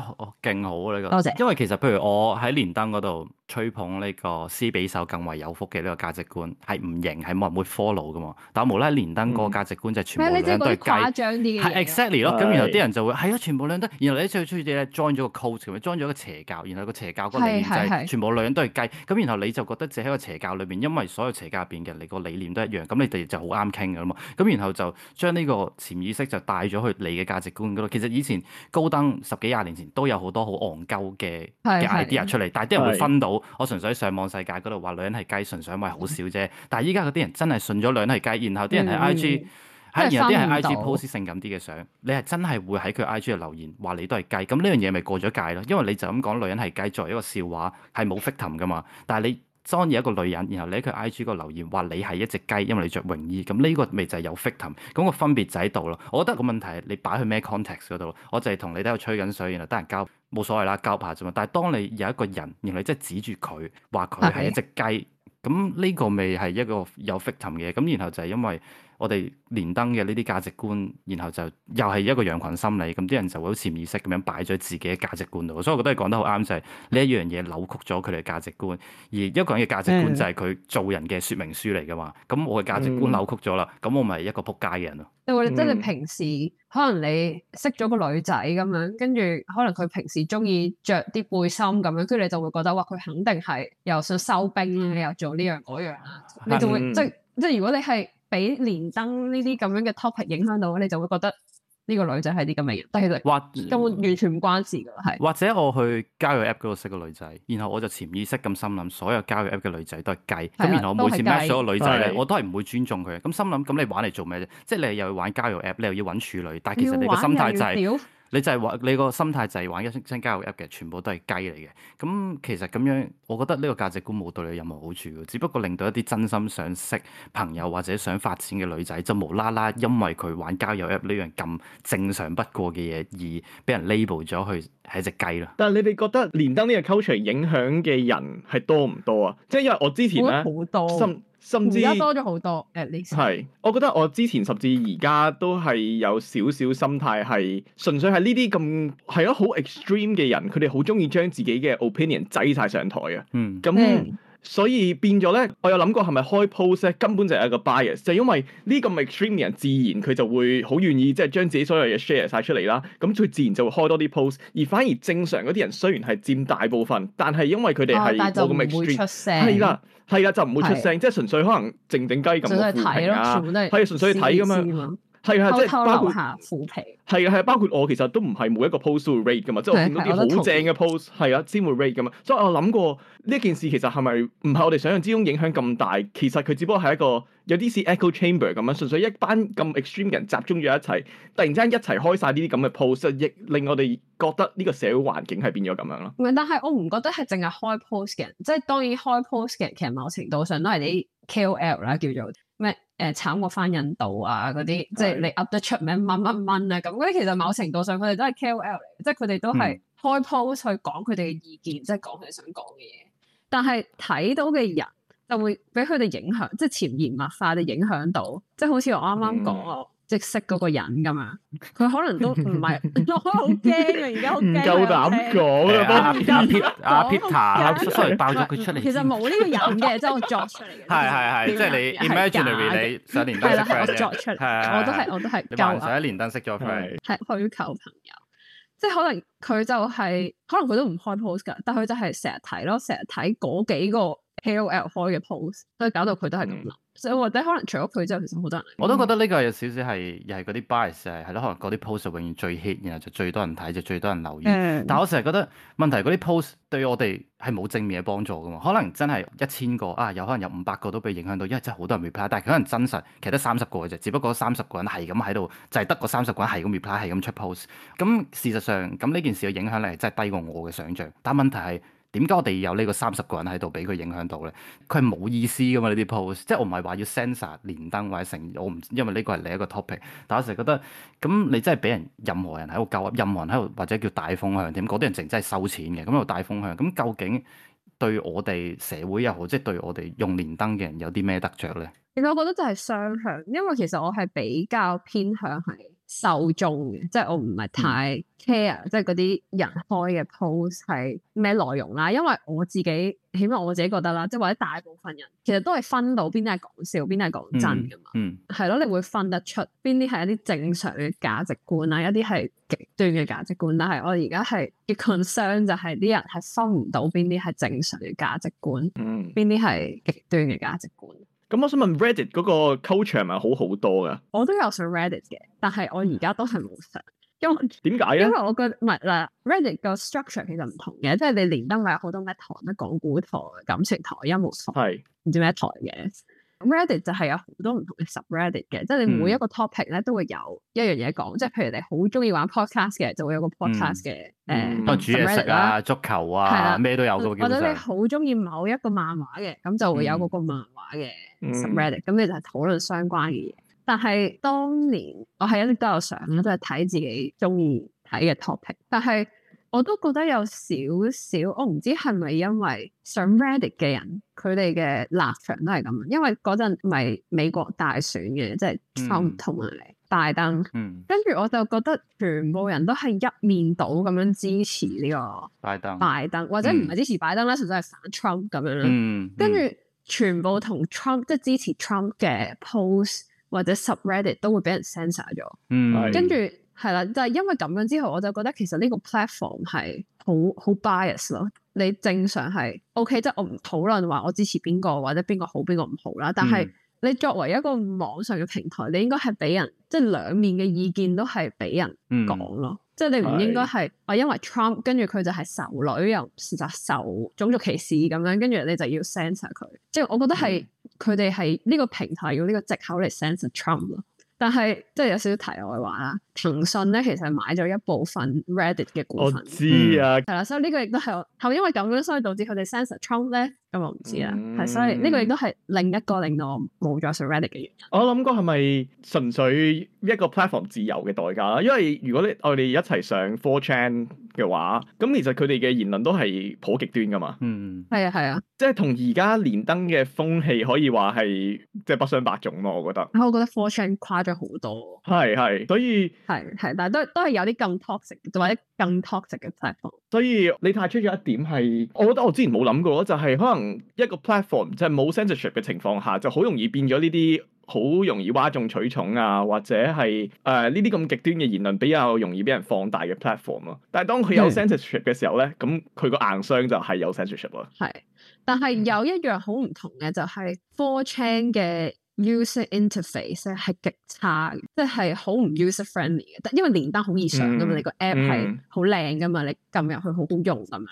勁好呢個，因為其實譬如我喺連登嗰度吹捧呢個施比受更為有福嘅呢個價值觀，係唔型，係冇人會 follow 噶嘛。但係無啦啦連登個價值觀就係全部女人都係雞，係、嗯嗯、exactly 咯是。咁、嗯、然後啲人就會係咯、哎，全部女人都。然後你最最嘅咧 join 咗個 cult，join 咗個邪教，然後個邪教個理念就係全部女人都係雞。咁然後你就覺得自己喺個邪教裏邊，因為所有邪教入邊嘅你個理念都一樣，咁你哋就好啱傾噶啦嘛。咁然後就將呢個潛意識就帶咗去你嘅價值觀度。其實以前高登。十幾廿年前都有好多好戇鳩嘅嘅 idea 出嚟，是是但係啲人會分到。是是我純粹喺上網世界嗰度話女人係雞，純粹因為好少啫。是的 但係依家嗰啲人真係信咗女人係雞，然後啲人喺 IG，係、嗯，然後啲人喺 IG、嗯、IG post 性感啲嘅相，你係真係會喺佢 IG 度留言話你都係雞。咁呢樣嘢咪過咗界咯？因為你就咁講女人係雞，作為一個笑話係冇 fitting 噶嘛。但係你。當然有一個女人，然後你喺佢 IG 嗰度留言話你係一隻雞，因為你着泳衣，咁呢個咪就係有 victim，咁個分別就喺度咯。我覺得個問題係你擺去咩 context 嗰度，我就係同你喺度吹緊水，然後得人交冇所謂啦，交下啫嘛。但係當你有一個人，然後你即係指住佢話佢係一隻雞，咁呢 Okay. 個咪係一個有 victim 嘅，咁然後就係因為。我哋連登嘅呢啲價值觀，然後就又係一個羊羣心理，咁啲人就會好潛意識咁樣擺咗自己嘅價值觀度，所以我覺得你係講得好啱，就係呢一樣嘢扭曲咗佢哋嘅價值觀。而一個人嘅價值觀就係佢做人嘅説明書嚟噶嘛。咁我嘅價值觀扭曲咗啦，咁、嗯、我咪一個撲街嘅人咯。即係你平時可能你識咗個女仔咁樣，跟住可能佢平時中意着啲背心咁樣，跟住你就會覺得哇，佢肯定係又想收兵啦，又做呢、這個、樣嗰樣你就會、嗯、即即如果你係。俾連登呢啲咁樣嘅 topic 影響到，你就會覺得呢個女仔係啲咁嘅人。但係其實或根本完全唔關事嘅，係或者我去交友 app 嗰度識個女仔，然後我就潛意識咁心諗，所有交友 app 嘅女仔都係雞，咁的然後我每次 match 所有女仔咧，都我都係唔會尊重佢，咁對心諗咁你玩嚟做咩啫？即係你又要玩交友 app，你又要揾處女，但係其實你個心態就係、是。你就係玩，你個心態就係玩一新交友 app 嘅，全部都係雞嚟嘅。咁其實咁樣，我覺得呢個價值觀冇對你任何好處嘅，只不過令到一啲真心想識朋友或者想發展嘅女仔，就無啦啦因為佢玩交友 app 呢樣咁正常不過嘅嘢而俾人 label 咗去係一隻雞啦。但係你哋覺得連登呢個 culture 影響嘅人係多唔多啊？即係因為我之前咧，好多。甚至而家多咗好多，at least 係，我覺得我之前甚至而家都係有少少心態係，純粹係呢啲咁係咯好 extreme 嘅人，佢哋好中意將自己嘅 opinion 擠晒上台啊，咁、嗯那。嗯所以變咗咧，我有諗過係咪開 post 咧根本就係一個 bias，就因為呢個 extreme 人自然佢就會好願意即係將自己所有嘢 share 曬出嚟啦。咁佢自然就會開多啲 post，而反而正常嗰啲人雖然係佔大部分，但係因為佢哋係冇咁 extreme，係啦係啦就唔會，會出聲，即係的純粹可能靜靜雞咁咯，睇咯，係純粹去睇咁樣。係啊，即係包括下腐皮。係啊，係啊，包括我其實都唔係每一個 post 會 rate 噶嘛，即係我見到啲好正嘅 post 係啊，先、啊、會 rate 噶嘛。所以我諗過呢件事其實係咪唔係我哋想象之中影響咁大？其實佢只不過係一個有啲似 echo chamber 咁樣，純粹一班咁 extreme 人集中咗一齊，突然之間一齊開晒呢啲咁嘅 post，亦令我哋覺得呢個社會環境係變咗咁樣咯。但係我唔覺得係淨係開 post 嘅人，即係當然開 post 嘅人其實某程度上都係啲 KOL 啦，叫做。誒，慘、呃、過返印度啊，嗰啲的即係你 up 得出名，乜乜乜啊。咁嗰啲其實某程度上佢哋都係 KOL 嚟，即係佢哋都係開 post 去講佢哋嘅意見，即係、嗯、講佢哋想講嘅嘢，但係睇到嘅人就會俾佢哋影響，即係潛移默化地影響到，即係好似我啱啱講識識嗰個人噶嘛？佢可能都唔係，我都好驚啊！而家好唔夠膽講啊！阿 Peter，阿 Peter 出嚟爆咗佢出嚟。其實冇呢個人嘅，即係我作出嚟嘅。係係係，即係你 imaginary 你上一年燈識佢。係係作出嚟。我都係，我都係。上一年燈識咗佢係虛構朋友，即係可能佢就係，可能佢都唔開 post 噶，但係佢就係成日睇咯，成日睇嗰幾個。KOL 開嘅 post 所以搞到佢都係咁所以或者可能除咗佢之後，其實好多人、嗯、我都覺得呢個有少少係又係嗰啲 bias 係咯，可能嗰啲 post 永遠最 hit，然後就最多人睇，就最多人留意。嗯、但我成日覺得問題嗰啲 post 對我哋係冇正面嘅幫助噶嘛？可能真係一千個啊，有可能有五百個都被影響到，因為真係好多人 reply，但係佢可能真實其實得三十個嘅啫，只不過三十個人係咁喺度，就係得嗰三十個人係咁 reply，係咁出 post。咁事實上咁呢件事嘅影響力真係低過我嘅想象，但問題係。點解我哋有呢個三十個人喺度俾佢影響到咧？佢係冇意思噶嘛？呢啲 post 即係我唔係話要 censor 連登或者成我唔，因為呢個係另一個 topic。但係我成日覺得咁，你真係俾人任何人喺度救，任何人喺度或者叫大風向點，嗰啲人淨真係收錢嘅咁喺度大風向。咁究竟對我哋社會又好，即係對我哋用連登嘅人有啲咩得着咧？其實我覺得就係雙向，因為其實我係比較偏向係受眾嘅，即係我唔係太 care，即係嗰啲人開嘅 post 係咩內容啦。因為我自己起碼我自己覺得啦，即係或者大部分人其實都係分到邊啲係講笑，邊啲係講真噶嘛。嗯。嗯，係咯，你會分得出邊啲係一啲正常嘅價值觀啦，一啲係極端嘅價值觀。但係我而家係 concern 就係啲人係分唔到邊啲係正常嘅價值觀，嗯，邊啲係極端嘅價值觀。咁我想問 Reddit 嗰個 culture 咪好好多㗎？我都有上 Reddit 嘅，但係我而家都係冇上，因為點解咧？為因為我覺得唔係啦，Reddit 個 structure 其實唔同嘅，即係你連登咪好多咩台，得講股台、感情台、音樂台，係唔是知咩台嘅。Reddit 就係有好多唔同嘅 subreddit 嘅，嗯、即係你每一個 topic 咧都會有一樣嘢講，即係、嗯、譬如你好中意玩 podcast 嘅，就會有個 podcast 嘅誒，多煮嘢食啊， 足球啊，咩的都有個叫做。或者你好中意某一個漫畫嘅，咁就會有嗰個漫畫嘅 subreddit，咁、嗯、你就係討論相關嘅嘢。嗯嗯、但係當年我係一直都有想都係睇自己中意睇嘅 topic，但係。我都覺得有少少，我唔知係咪因為上 Reddit 嘅人佢哋嘅立場都係咁，因為嗰陣咪美國大選嘅，即係 Trump 同埋拜登。嗯。跟住我就覺得全部人都係一面倒咁樣支持呢個拜登，拜登或者唔係支持拜登啦，實質係反 Trump 咁樣，嗯。嗯。跟住全部同 Trump 即係支持 Trump 嘅 post 或者 subreddit 都會俾人 censor 咗。嗯。跟住。係啦，就係因為咁樣之後，我就覺得其實呢個 platform 係好好 bias 咯。你正常係 OK，即係我唔討論話我支持邊個或者邊個好邊個唔好啦。但係你作為一個網上嘅平台，你應該係俾人即係、就是、兩面嘅意見都係俾人講咯。即係、嗯、你唔應該係的啊，因為 Trump 跟住佢就係仇女又事實受種族歧視咁樣，跟住你就要 censor 佢。即、就、係、是、我覺得係佢哋係呢個平台用呢個藉口嚟 censor Trump 咯。但係即係有少少題外話啦。騰訊咧其實買咗一部分 Reddit 嘅股份，我知啊，係啦，所以呢個亦都係我後，因為咁樣所以導致佢哋 Censor Trump 咧，咁我唔知啊，係、嗯、所以呢個亦都係另一個令我冇咗上 Reddit 嘅原因。我諗過係咪純粹一個 platform 自由嘅代價啦？因為如果你我哋一齊上 4chan 嘅話，咁其實佢哋嘅言論都係好極端噶嘛。嗯，係啊，係啊，即係同而家連登嘅風氣可以話係即係不相伯仲咯。我覺得，我覺得 4chan 誇咗好多，係係，所以。係係，但係都都係有啲更 toxic 或者更 toxic 嘅 platform。所以你提出咗一點係，我覺得我之前冇諗過咯，就係、是、可能一個 platform 即係冇 censorship 嘅情況下，就好容易變咗呢啲好容易嘩眾取寵啊，或者係誒呢啲咁極端嘅言論比較容易俾人放大嘅 platform 咯，啊。但係當佢有 censorship 嘅時候咧，咁佢個硬傷就係有 censorship 啦。係，但係有一樣好唔同嘅就係、是、4chan 嘅。user interface 係極差，即係好唔 user friendly 嘅。但因為連登好易上㗎嘛，嗯、你個 app 係好靚㗎嘛，嗯、你撳入去好好用㗎嘛，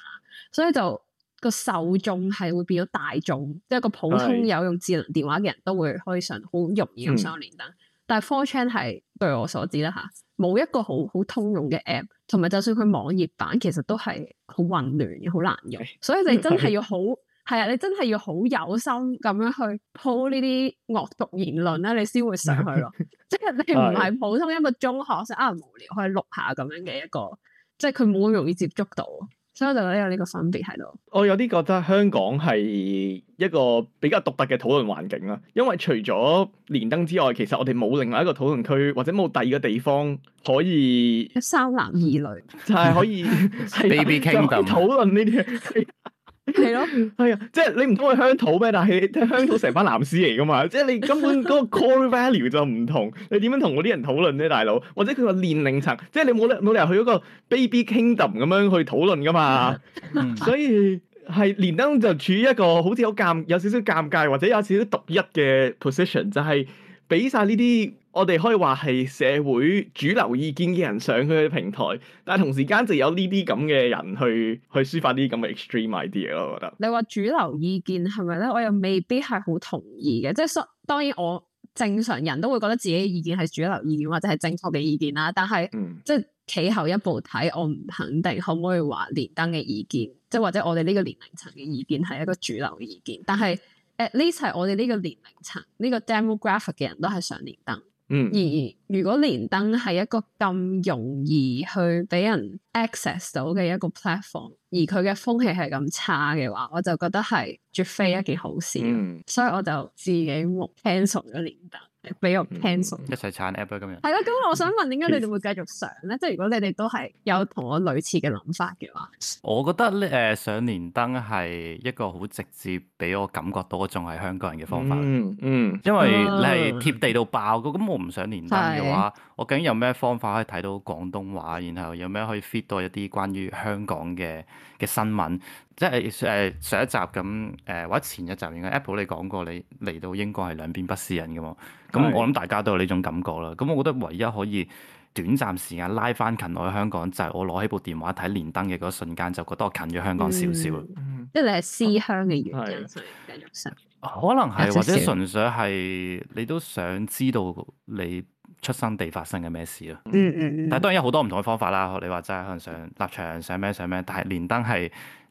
所以就個受眾係會變咗大眾，即係個普通有用智能電話嘅人都會開上，好容易咁上連登。嗯、但係 4chan 係據我所知啦吓，冇一個好好通用嘅 app，同埋就算佢網頁版，其實都係好混亂嘅，好難用。所以你真係要好。嗯嗯係啊，你真係要好有心咁樣去鋪呢啲惡毒言論咧，你先會上去咯。 即係你唔係普通一個中學生啊， 無聊可以碌下咁樣嘅一個，即係佢冇咁容易接觸到，所以我就有呢個分別喺度。 我有啲覺得香港係一個比較獨特嘅討論環境啦，因為除咗連登之外，其實我哋冇另外一個討論區，或者冇第二個地方可以三男二女 就係可以 Baby Kingdom 討論呢啲。係咯，係啊， 即係你唔通去鄉土咩？但係你鄉土成班男士嚟噶嘛，即係你根本嗰個 core value 就唔同，你點樣同嗰啲人討論啫，大佬？或者佢個年齡層，即係你冇理冇理由去嗰個 baby kingdom 咁樣去討論噶嘛？ 所以係連登就處於一個好似好尷有少少尷尬，或者有少少獨一嘅 position，就係俾晒呢啲。我哋可以話係社會主流意見嘅人上去嘅平台，但係同時間就有呢啲咁嘅人去去抒發啲咁嘅 extreme i 啲嘢咯。我覺得你話主流意見係咪咧？我又未必係好同意嘅。即係當然我，我正常人都會覺得自己嘅意見係主流意見或者係正確嘅意見啦。但係、嗯、即係企後一步睇，我唔肯定可唔可以話年登嘅意見，即係或者我哋呢個年齡層嘅意見係一個主流意見。但係 at l 我哋呢個年齡層呢、這個 demographic 嘅人都係上年登。而如果連登係一個咁容易去俾人 access 到嘅一個 platform，而佢嘅風氣係咁差嘅話，我就覺得係絕非一件好事。嗯、所以我就自己木 cancel 咗連登。俾個 pen，一齊撐 app 噉樣！今日係啦。咁我想問，點解你哋會繼續上咧？即係如果你哋都係有同我類似嘅諗法嘅話，我覺得咧誒上連登係一個好直接俾我感覺到我仲係香港人嘅方法。嗯嗯，app，因為你係貼地到爆㗎，咁、啊、我唔上連登嘅話，我究竟有咩方法可以睇到廣東話？然後有咩可以 fit 到一啲關於香港嘅嘅新聞，即係誒上一集咁，誒或者前一集應該 Apple 你講過，你嚟到英國係兩邊不似人嘅嘛。咁的我諗大家都有呢種感覺啦。咁我覺得唯一可以短暫時間拉翻近我喺香港，就係、是、我攞起部電話睇連登嘅嗰瞬間，就覺得我近咗香港少少、嗯。嗯，嗯即係你係思鄉嘅原因，繼續上。以的可能係或者純粹係你都想知道你。出生地發生嘅咩事咯、嗯？嗯嗯嗯。但係當然有好多唔同嘅方法啦。你話齋可能上立場上咩上咩，但係連登係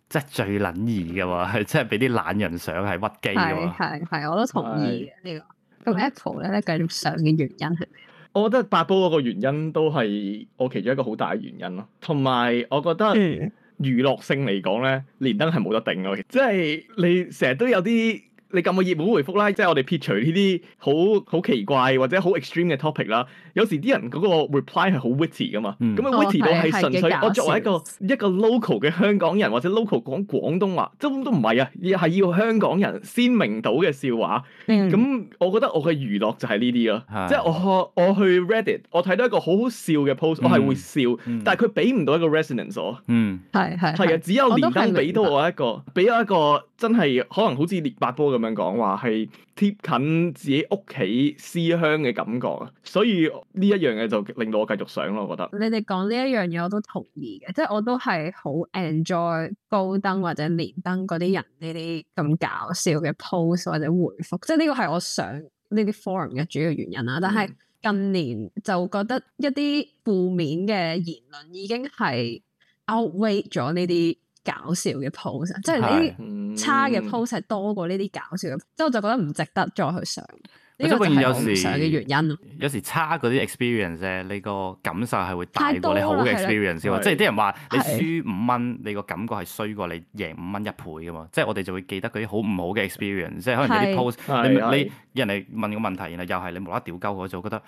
即係最懶易嘅喎，是即係俾啲懶人上係屈機嘅喎。係我都同意呢是、呢個。咁 Apple 咧繼續上嘅原因係咩？我覺得八波嗰個原因都係我其中一個好大嘅原因咯。同埋我覺得、欸、娛樂性嚟講咧，連登係冇得頂嘅，即係你成日都有啲。你撳個熱門回覆啦，即係我哋撇除呢啲好好奇怪或者好 extreme 嘅 topic 啦。有時啲人嗰個 reply 係好 witty 嘅嘛，咁啊 witty 嘅係純粹。我作為一個一個 local 嘅香港人，或者 local 講廣東話，根本都唔係啊，係要香港人先明到嘅笑話。咁、嗯、我覺得我嘅娛樂就係呢啲咯，的即係我我去 Reddit，我睇到一個好好笑嘅 post，、嗯、我係會笑，嗯、但係佢俾唔到一個 resonance，嗯，係係係啊，只有連登俾到我一個，俾我,我一個,一個真係可能好似列白波咁。咁樣講話係貼近自己屋企思鄉嘅感覺啊，所以呢一樣嘢就令到我繼續想咯，我覺得。你哋講呢一樣嘢，就是、我都同意嘅，即係我都係好 enjoy 高登或者連登嗰啲人呢啲咁搞笑嘅 post 或者回覆即係呢個係我上呢啲 forum 嘅主要原因啦。但係近年就覺得一啲負面嘅言論已經係 outweigh 咗呢啲。搞笑嘅 post 即係呢啲差嘅 post 係多過呢啲搞笑，嘅，即係我就覺得唔值得再去上，呢個就係唔上嘅原因有時差嗰啲 experience 咧，你個感受係會大過你好嘅 experience 即係啲人話你輸五蚊，你個感覺係衰過你贏五蚊一倍噶嘛，即係我哋就會記得嗰啲好唔好嘅 experience，即係可能有啲 post 你你人哋問個問題，然後又係你冇得屌掉鳩，我就覺得。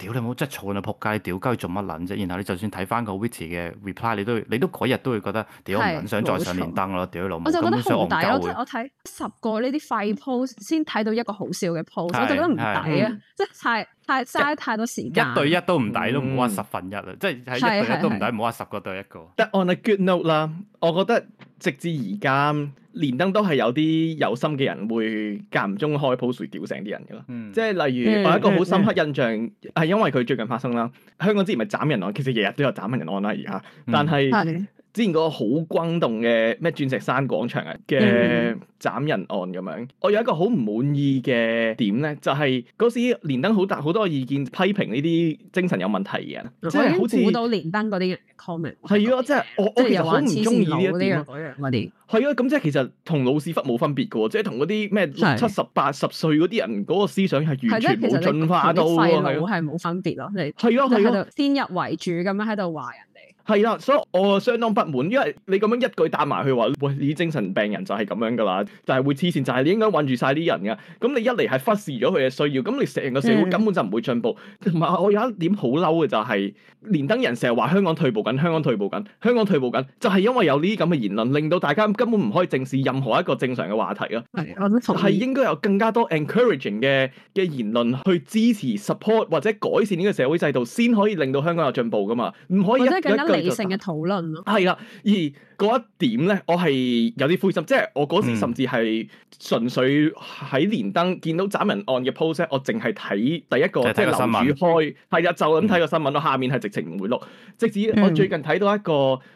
屌你冇即係錯你仆街！屌鳩做乜撚啫？然後你就算睇翻個 Witch 嘅 reply，你都你都嗰日都會覺得屌，唔撚想再上連登咯，屌你老母我就覺得好抵咯！即係我睇十個呢啲廢 post 先睇到一個好笑嘅 post，係我就覺得唔抵啊！嗯、即係。太嘥太多時間，一對一都唔抵，嗯，都唔好話十分一啦，嗯、即係一對一都唔抵，唔好話十個對一個。But on a good note 啦，我覺得直至而家連登都係有啲有心嘅人會間唔中開 post 屌醒啲人嘅啦，嗯、即係例如、嗯、我有一個好深刻印象係、嗯、因為佢最近發生啦，香港之前咪斬人案，其實日日都有斬人案啦而家，但係，嗯嗯之前嗰個好轟動嘅咩鑽石山廣場嘅嘅斬人案咁樣、mm hmm. 嗯，我有一個好唔滿意嘅點咧，就係、是、嗰時連登好大好多意見批評呢啲精神有問題嘅人，即係好似到連登嗰啲 comment 係啊，即、就、係、是、我我其實好唔中意呢一啲。點，係啊，咁即係其實同老屎忽冇分別嘅喎，即係同嗰啲咩六七十八十歲嗰啲人嗰個思想係完全冇進化到喎，係冇、啊、分別咯，啊啊、你係喺度先入為主咁樣喺度話人。係啦，所以我相當不滿，因為你咁樣一句答埋去話，喂呢啲精神病人就係咁樣㗎啦，就係會黐線，就係你應該困住晒啲人㗎。咁你一嚟係忽視咗佢嘅需要，咁你成個社會根本就唔會進步。同埋、嗯、我有一點好嬲嘅就係、是，連登人成日話香港退步緊，香港退步緊，香港退步緊，就係、是、因為有呢啲咁嘅言論，令到大家根本唔可以正視任何一個正常嘅話題咯。係、哎，我都同。應該有更加多 encouraging 嘅嘅言論去支持、support 或者改善呢個社會制度，先可以令到香港有進步㗎嘛。唔可以一個一句，理性嘅討論咯，係啦，而嗰一點咧，我係有啲灰心，即係我嗰時甚至係純粹喺連登見到斬人案嘅 post，我淨係睇第一個，一個即係樓主開，係呀、嗯、就咁睇個新聞咯，下面係直情唔會碌。直至我最近睇到一個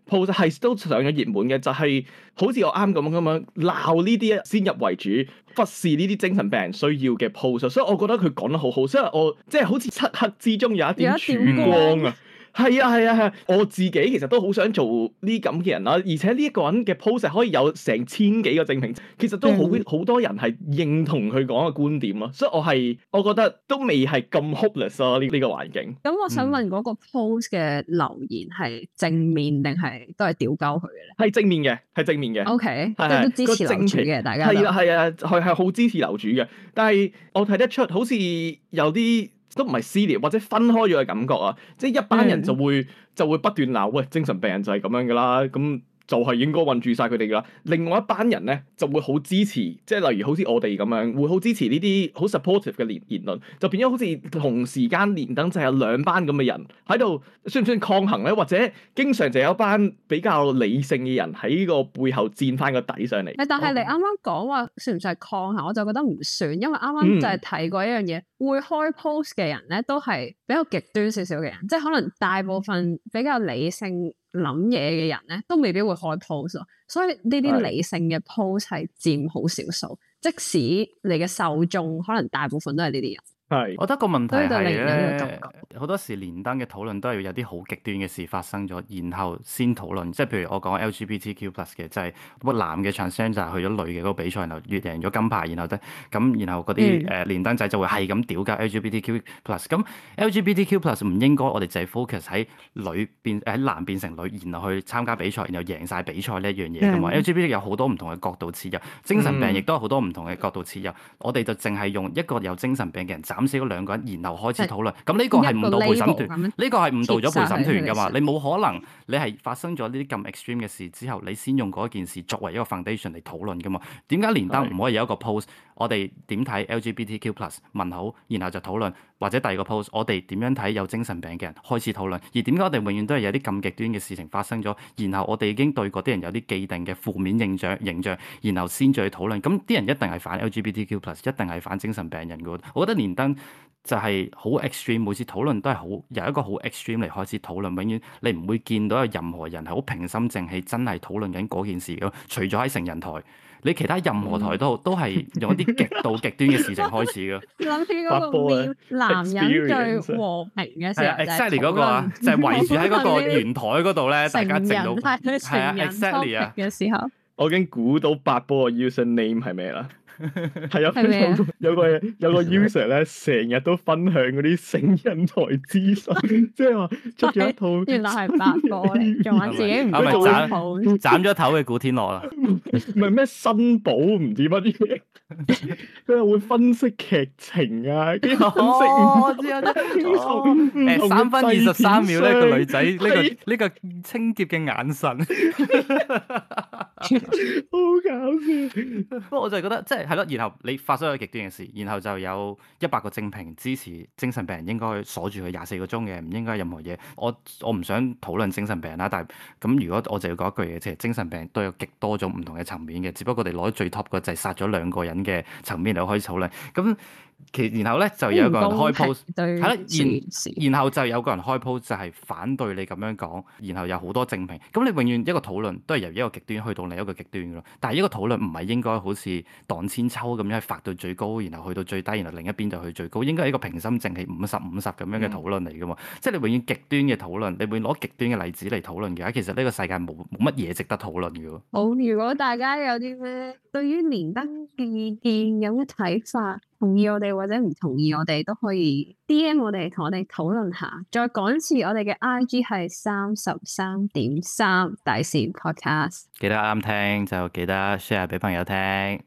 post 係、嗯、都上咗熱門嘅，就係、是、好似我啱咁咁樣鬧呢啲先入為主，忽視呢啲精神病人需要嘅 post，所以我覺得佢講得好好，所以我即係、就是、好似漆黑之中有一點曙光啊！係啊係啊係、啊！我自己其實都好想做呢咁嘅人啦，而且呢一個人嘅 post 可以有成千幾個證明，其實都好好面多人係認同佢講嘅觀點咯。所以我係我覺得都未係咁 hopeless 啦呢呢個環境。咁、嗯、我想問嗰、嗰個 post 嘅留言係正面定係都係屌鳩佢咧？係正面嘅，係正面嘅。OK，即係是都支持樓主嘅大家。係啊係啊，係係好支持樓主嘅。但係我睇得出好似有啲。都唔係撕裂，或者分開咗嘅感覺啊！即一班人就會、嗯、就會不斷鬧，喂，精神病人就係咁樣噶啦，咁、嗯。就係應該困住晒佢哋啦。另外一班人咧，就會好支持，即係例如好似我哋咁樣，會好支持呢啲好 supportive 嘅言言論，就變咗好似同時間連等就有兩班咁嘅人喺度，算唔算抗衡咧？或者經常就有一班比較理性嘅人喺個背後佔翻個底上嚟。係，但係你啱啱講話算唔算係抗衡？我就覺得唔算，因為啱啱就係睇過一樣嘢，嗯、會開 post 嘅人咧，都係比較極端少少嘅人，即係可能大部分比較理性。諗嘢嘅人咧，都未必會開 post，所以呢啲理性嘅 post 係佔好少數。即使你嘅受眾可能大部分都係呢啲人。係，是我覺得個問題係咧，好呢多時連登嘅討論都係要有啲好極端嘅事發生咗，然後先討論。即係譬如我講 LGBTQ plus 嘅，就係、是、個男嘅 transgender 去咗女嘅嗰個比賽，然後越贏咗金牌，然後得咁，然後嗰啲誒連登仔就會係咁屌噶 LGBTQ plus。咁 LGBTQ plus 唔應該我哋淨係 focus 喺女變誒男變成女，然後去參加比賽，然後贏晒比賽呢一樣嘢噶嘛？LGBT 有好多唔同嘅角度切入，精神病亦都有好多唔同嘅角度切入。我哋就淨係用一個有精神病嘅人。嗯嗯斬死嗰兩個人，然後開始討論。咁呢是個係誤導陪審團，呢樣個係誤導咗陪審團噶嘛？樣你冇可能，你係發生咗呢啲咁 extreme 嘅事之後，你先用嗰件事作為一個 foundation 嚟討論噶嘛？點解連登唔可以有一個 post，的我哋點睇 LGBTQ+ 問號，然後就討論，或者第二個 post，我哋點樣睇有精神病嘅人開始討論？而點解我哋永遠都係有啲咁極端嘅事情發生咗，然後我哋已經對嗰啲人有啲既定嘅負面形象，形象，然後先再去討論。咁啲人一定係反 LGBTQ+，一定係反精神病人嘅。我覺得連登。就係好 extreme，每次討論都係好由一個好 extreme 嚟開始討論，永遠你唔會見到有任何人係好平心靜氣，真係討論緊嗰件事咯。除咗喺成人台，你其他任何台都好都係用一啲極度極端嘅事情開始噶。諗住嗰個面男人最和平嘅時候 exactly 嗰個啊，就係圍住喺嗰個圓台嗰度咧， 人大家靜到係 人啊，exactly 啊嘅時候， 我已經估到八波嘅 user name 係咩啦？ 係 啊，有個有個 user 咧，成日都分享嗰啲聲音才資訊，即係話出咗一套原來係八哥仲話自己唔知做咩好，斬咗、 啊、頭嘅古天樂啦，唔係咩新寶唔知乜嘢，佢又會分析劇情啊，啊啊啊啊啊啊啊分析我知有啲三分二十三秒咧 你、那個女仔呢個呢個清潔嘅眼神， 好搞笑，不過、 啊、我就覺得即係。係咯，然後你發生咗極端嘅事，然後就有一百個正評支持精神病人應該鎖住佢廿四個鐘嘅，唔應該任何嘢。我我唔想討論精神病啦，但係咁如果我就要講一句嘢，其實精神病都有極多種唔同嘅層面嘅，只不過我哋攞最 top 嘅就係殺咗兩個人嘅層面嚟開始討論。咁。其然後咧就有一個人開 post 係啦，然然後就有個人開 post 就係反對你咁樣講，然後有好多正評，咁你永遠一個討論都係由一個極端去到另一個極端嘅咯。但係依個討論唔係應該好似盪鞦韆咁樣，去發到最高，然後去到最低，然後另一邊就去最高。應該係一個平心靜氣五十五十咁樣嘅討論嚟嘅嘛。嗯、即係你永遠極端嘅討論，你會攞極端嘅例子嚟討論嘅話，其實呢個世界冇冇乜嘢值得討論嘅喎。好，如果大家有啲咩對於連登嘅意見有咩睇法？同意我哋或者唔同意我哋都可以 DM 我哋同我哋討論下，再講一次我哋嘅 IG 係三十三點三大笑 Podcast，記得啱聽就記得 share 俾朋友聽，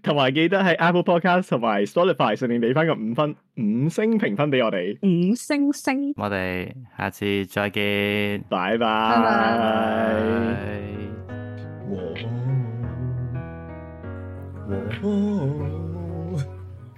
同埋記得喺 Apple Podcast 同埋 Spotify 上面俾翻個五分五星評分俾我哋，五星星，我哋下次再見，拜拜。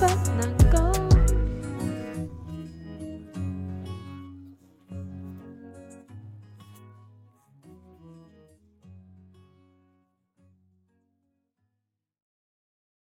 不能夠。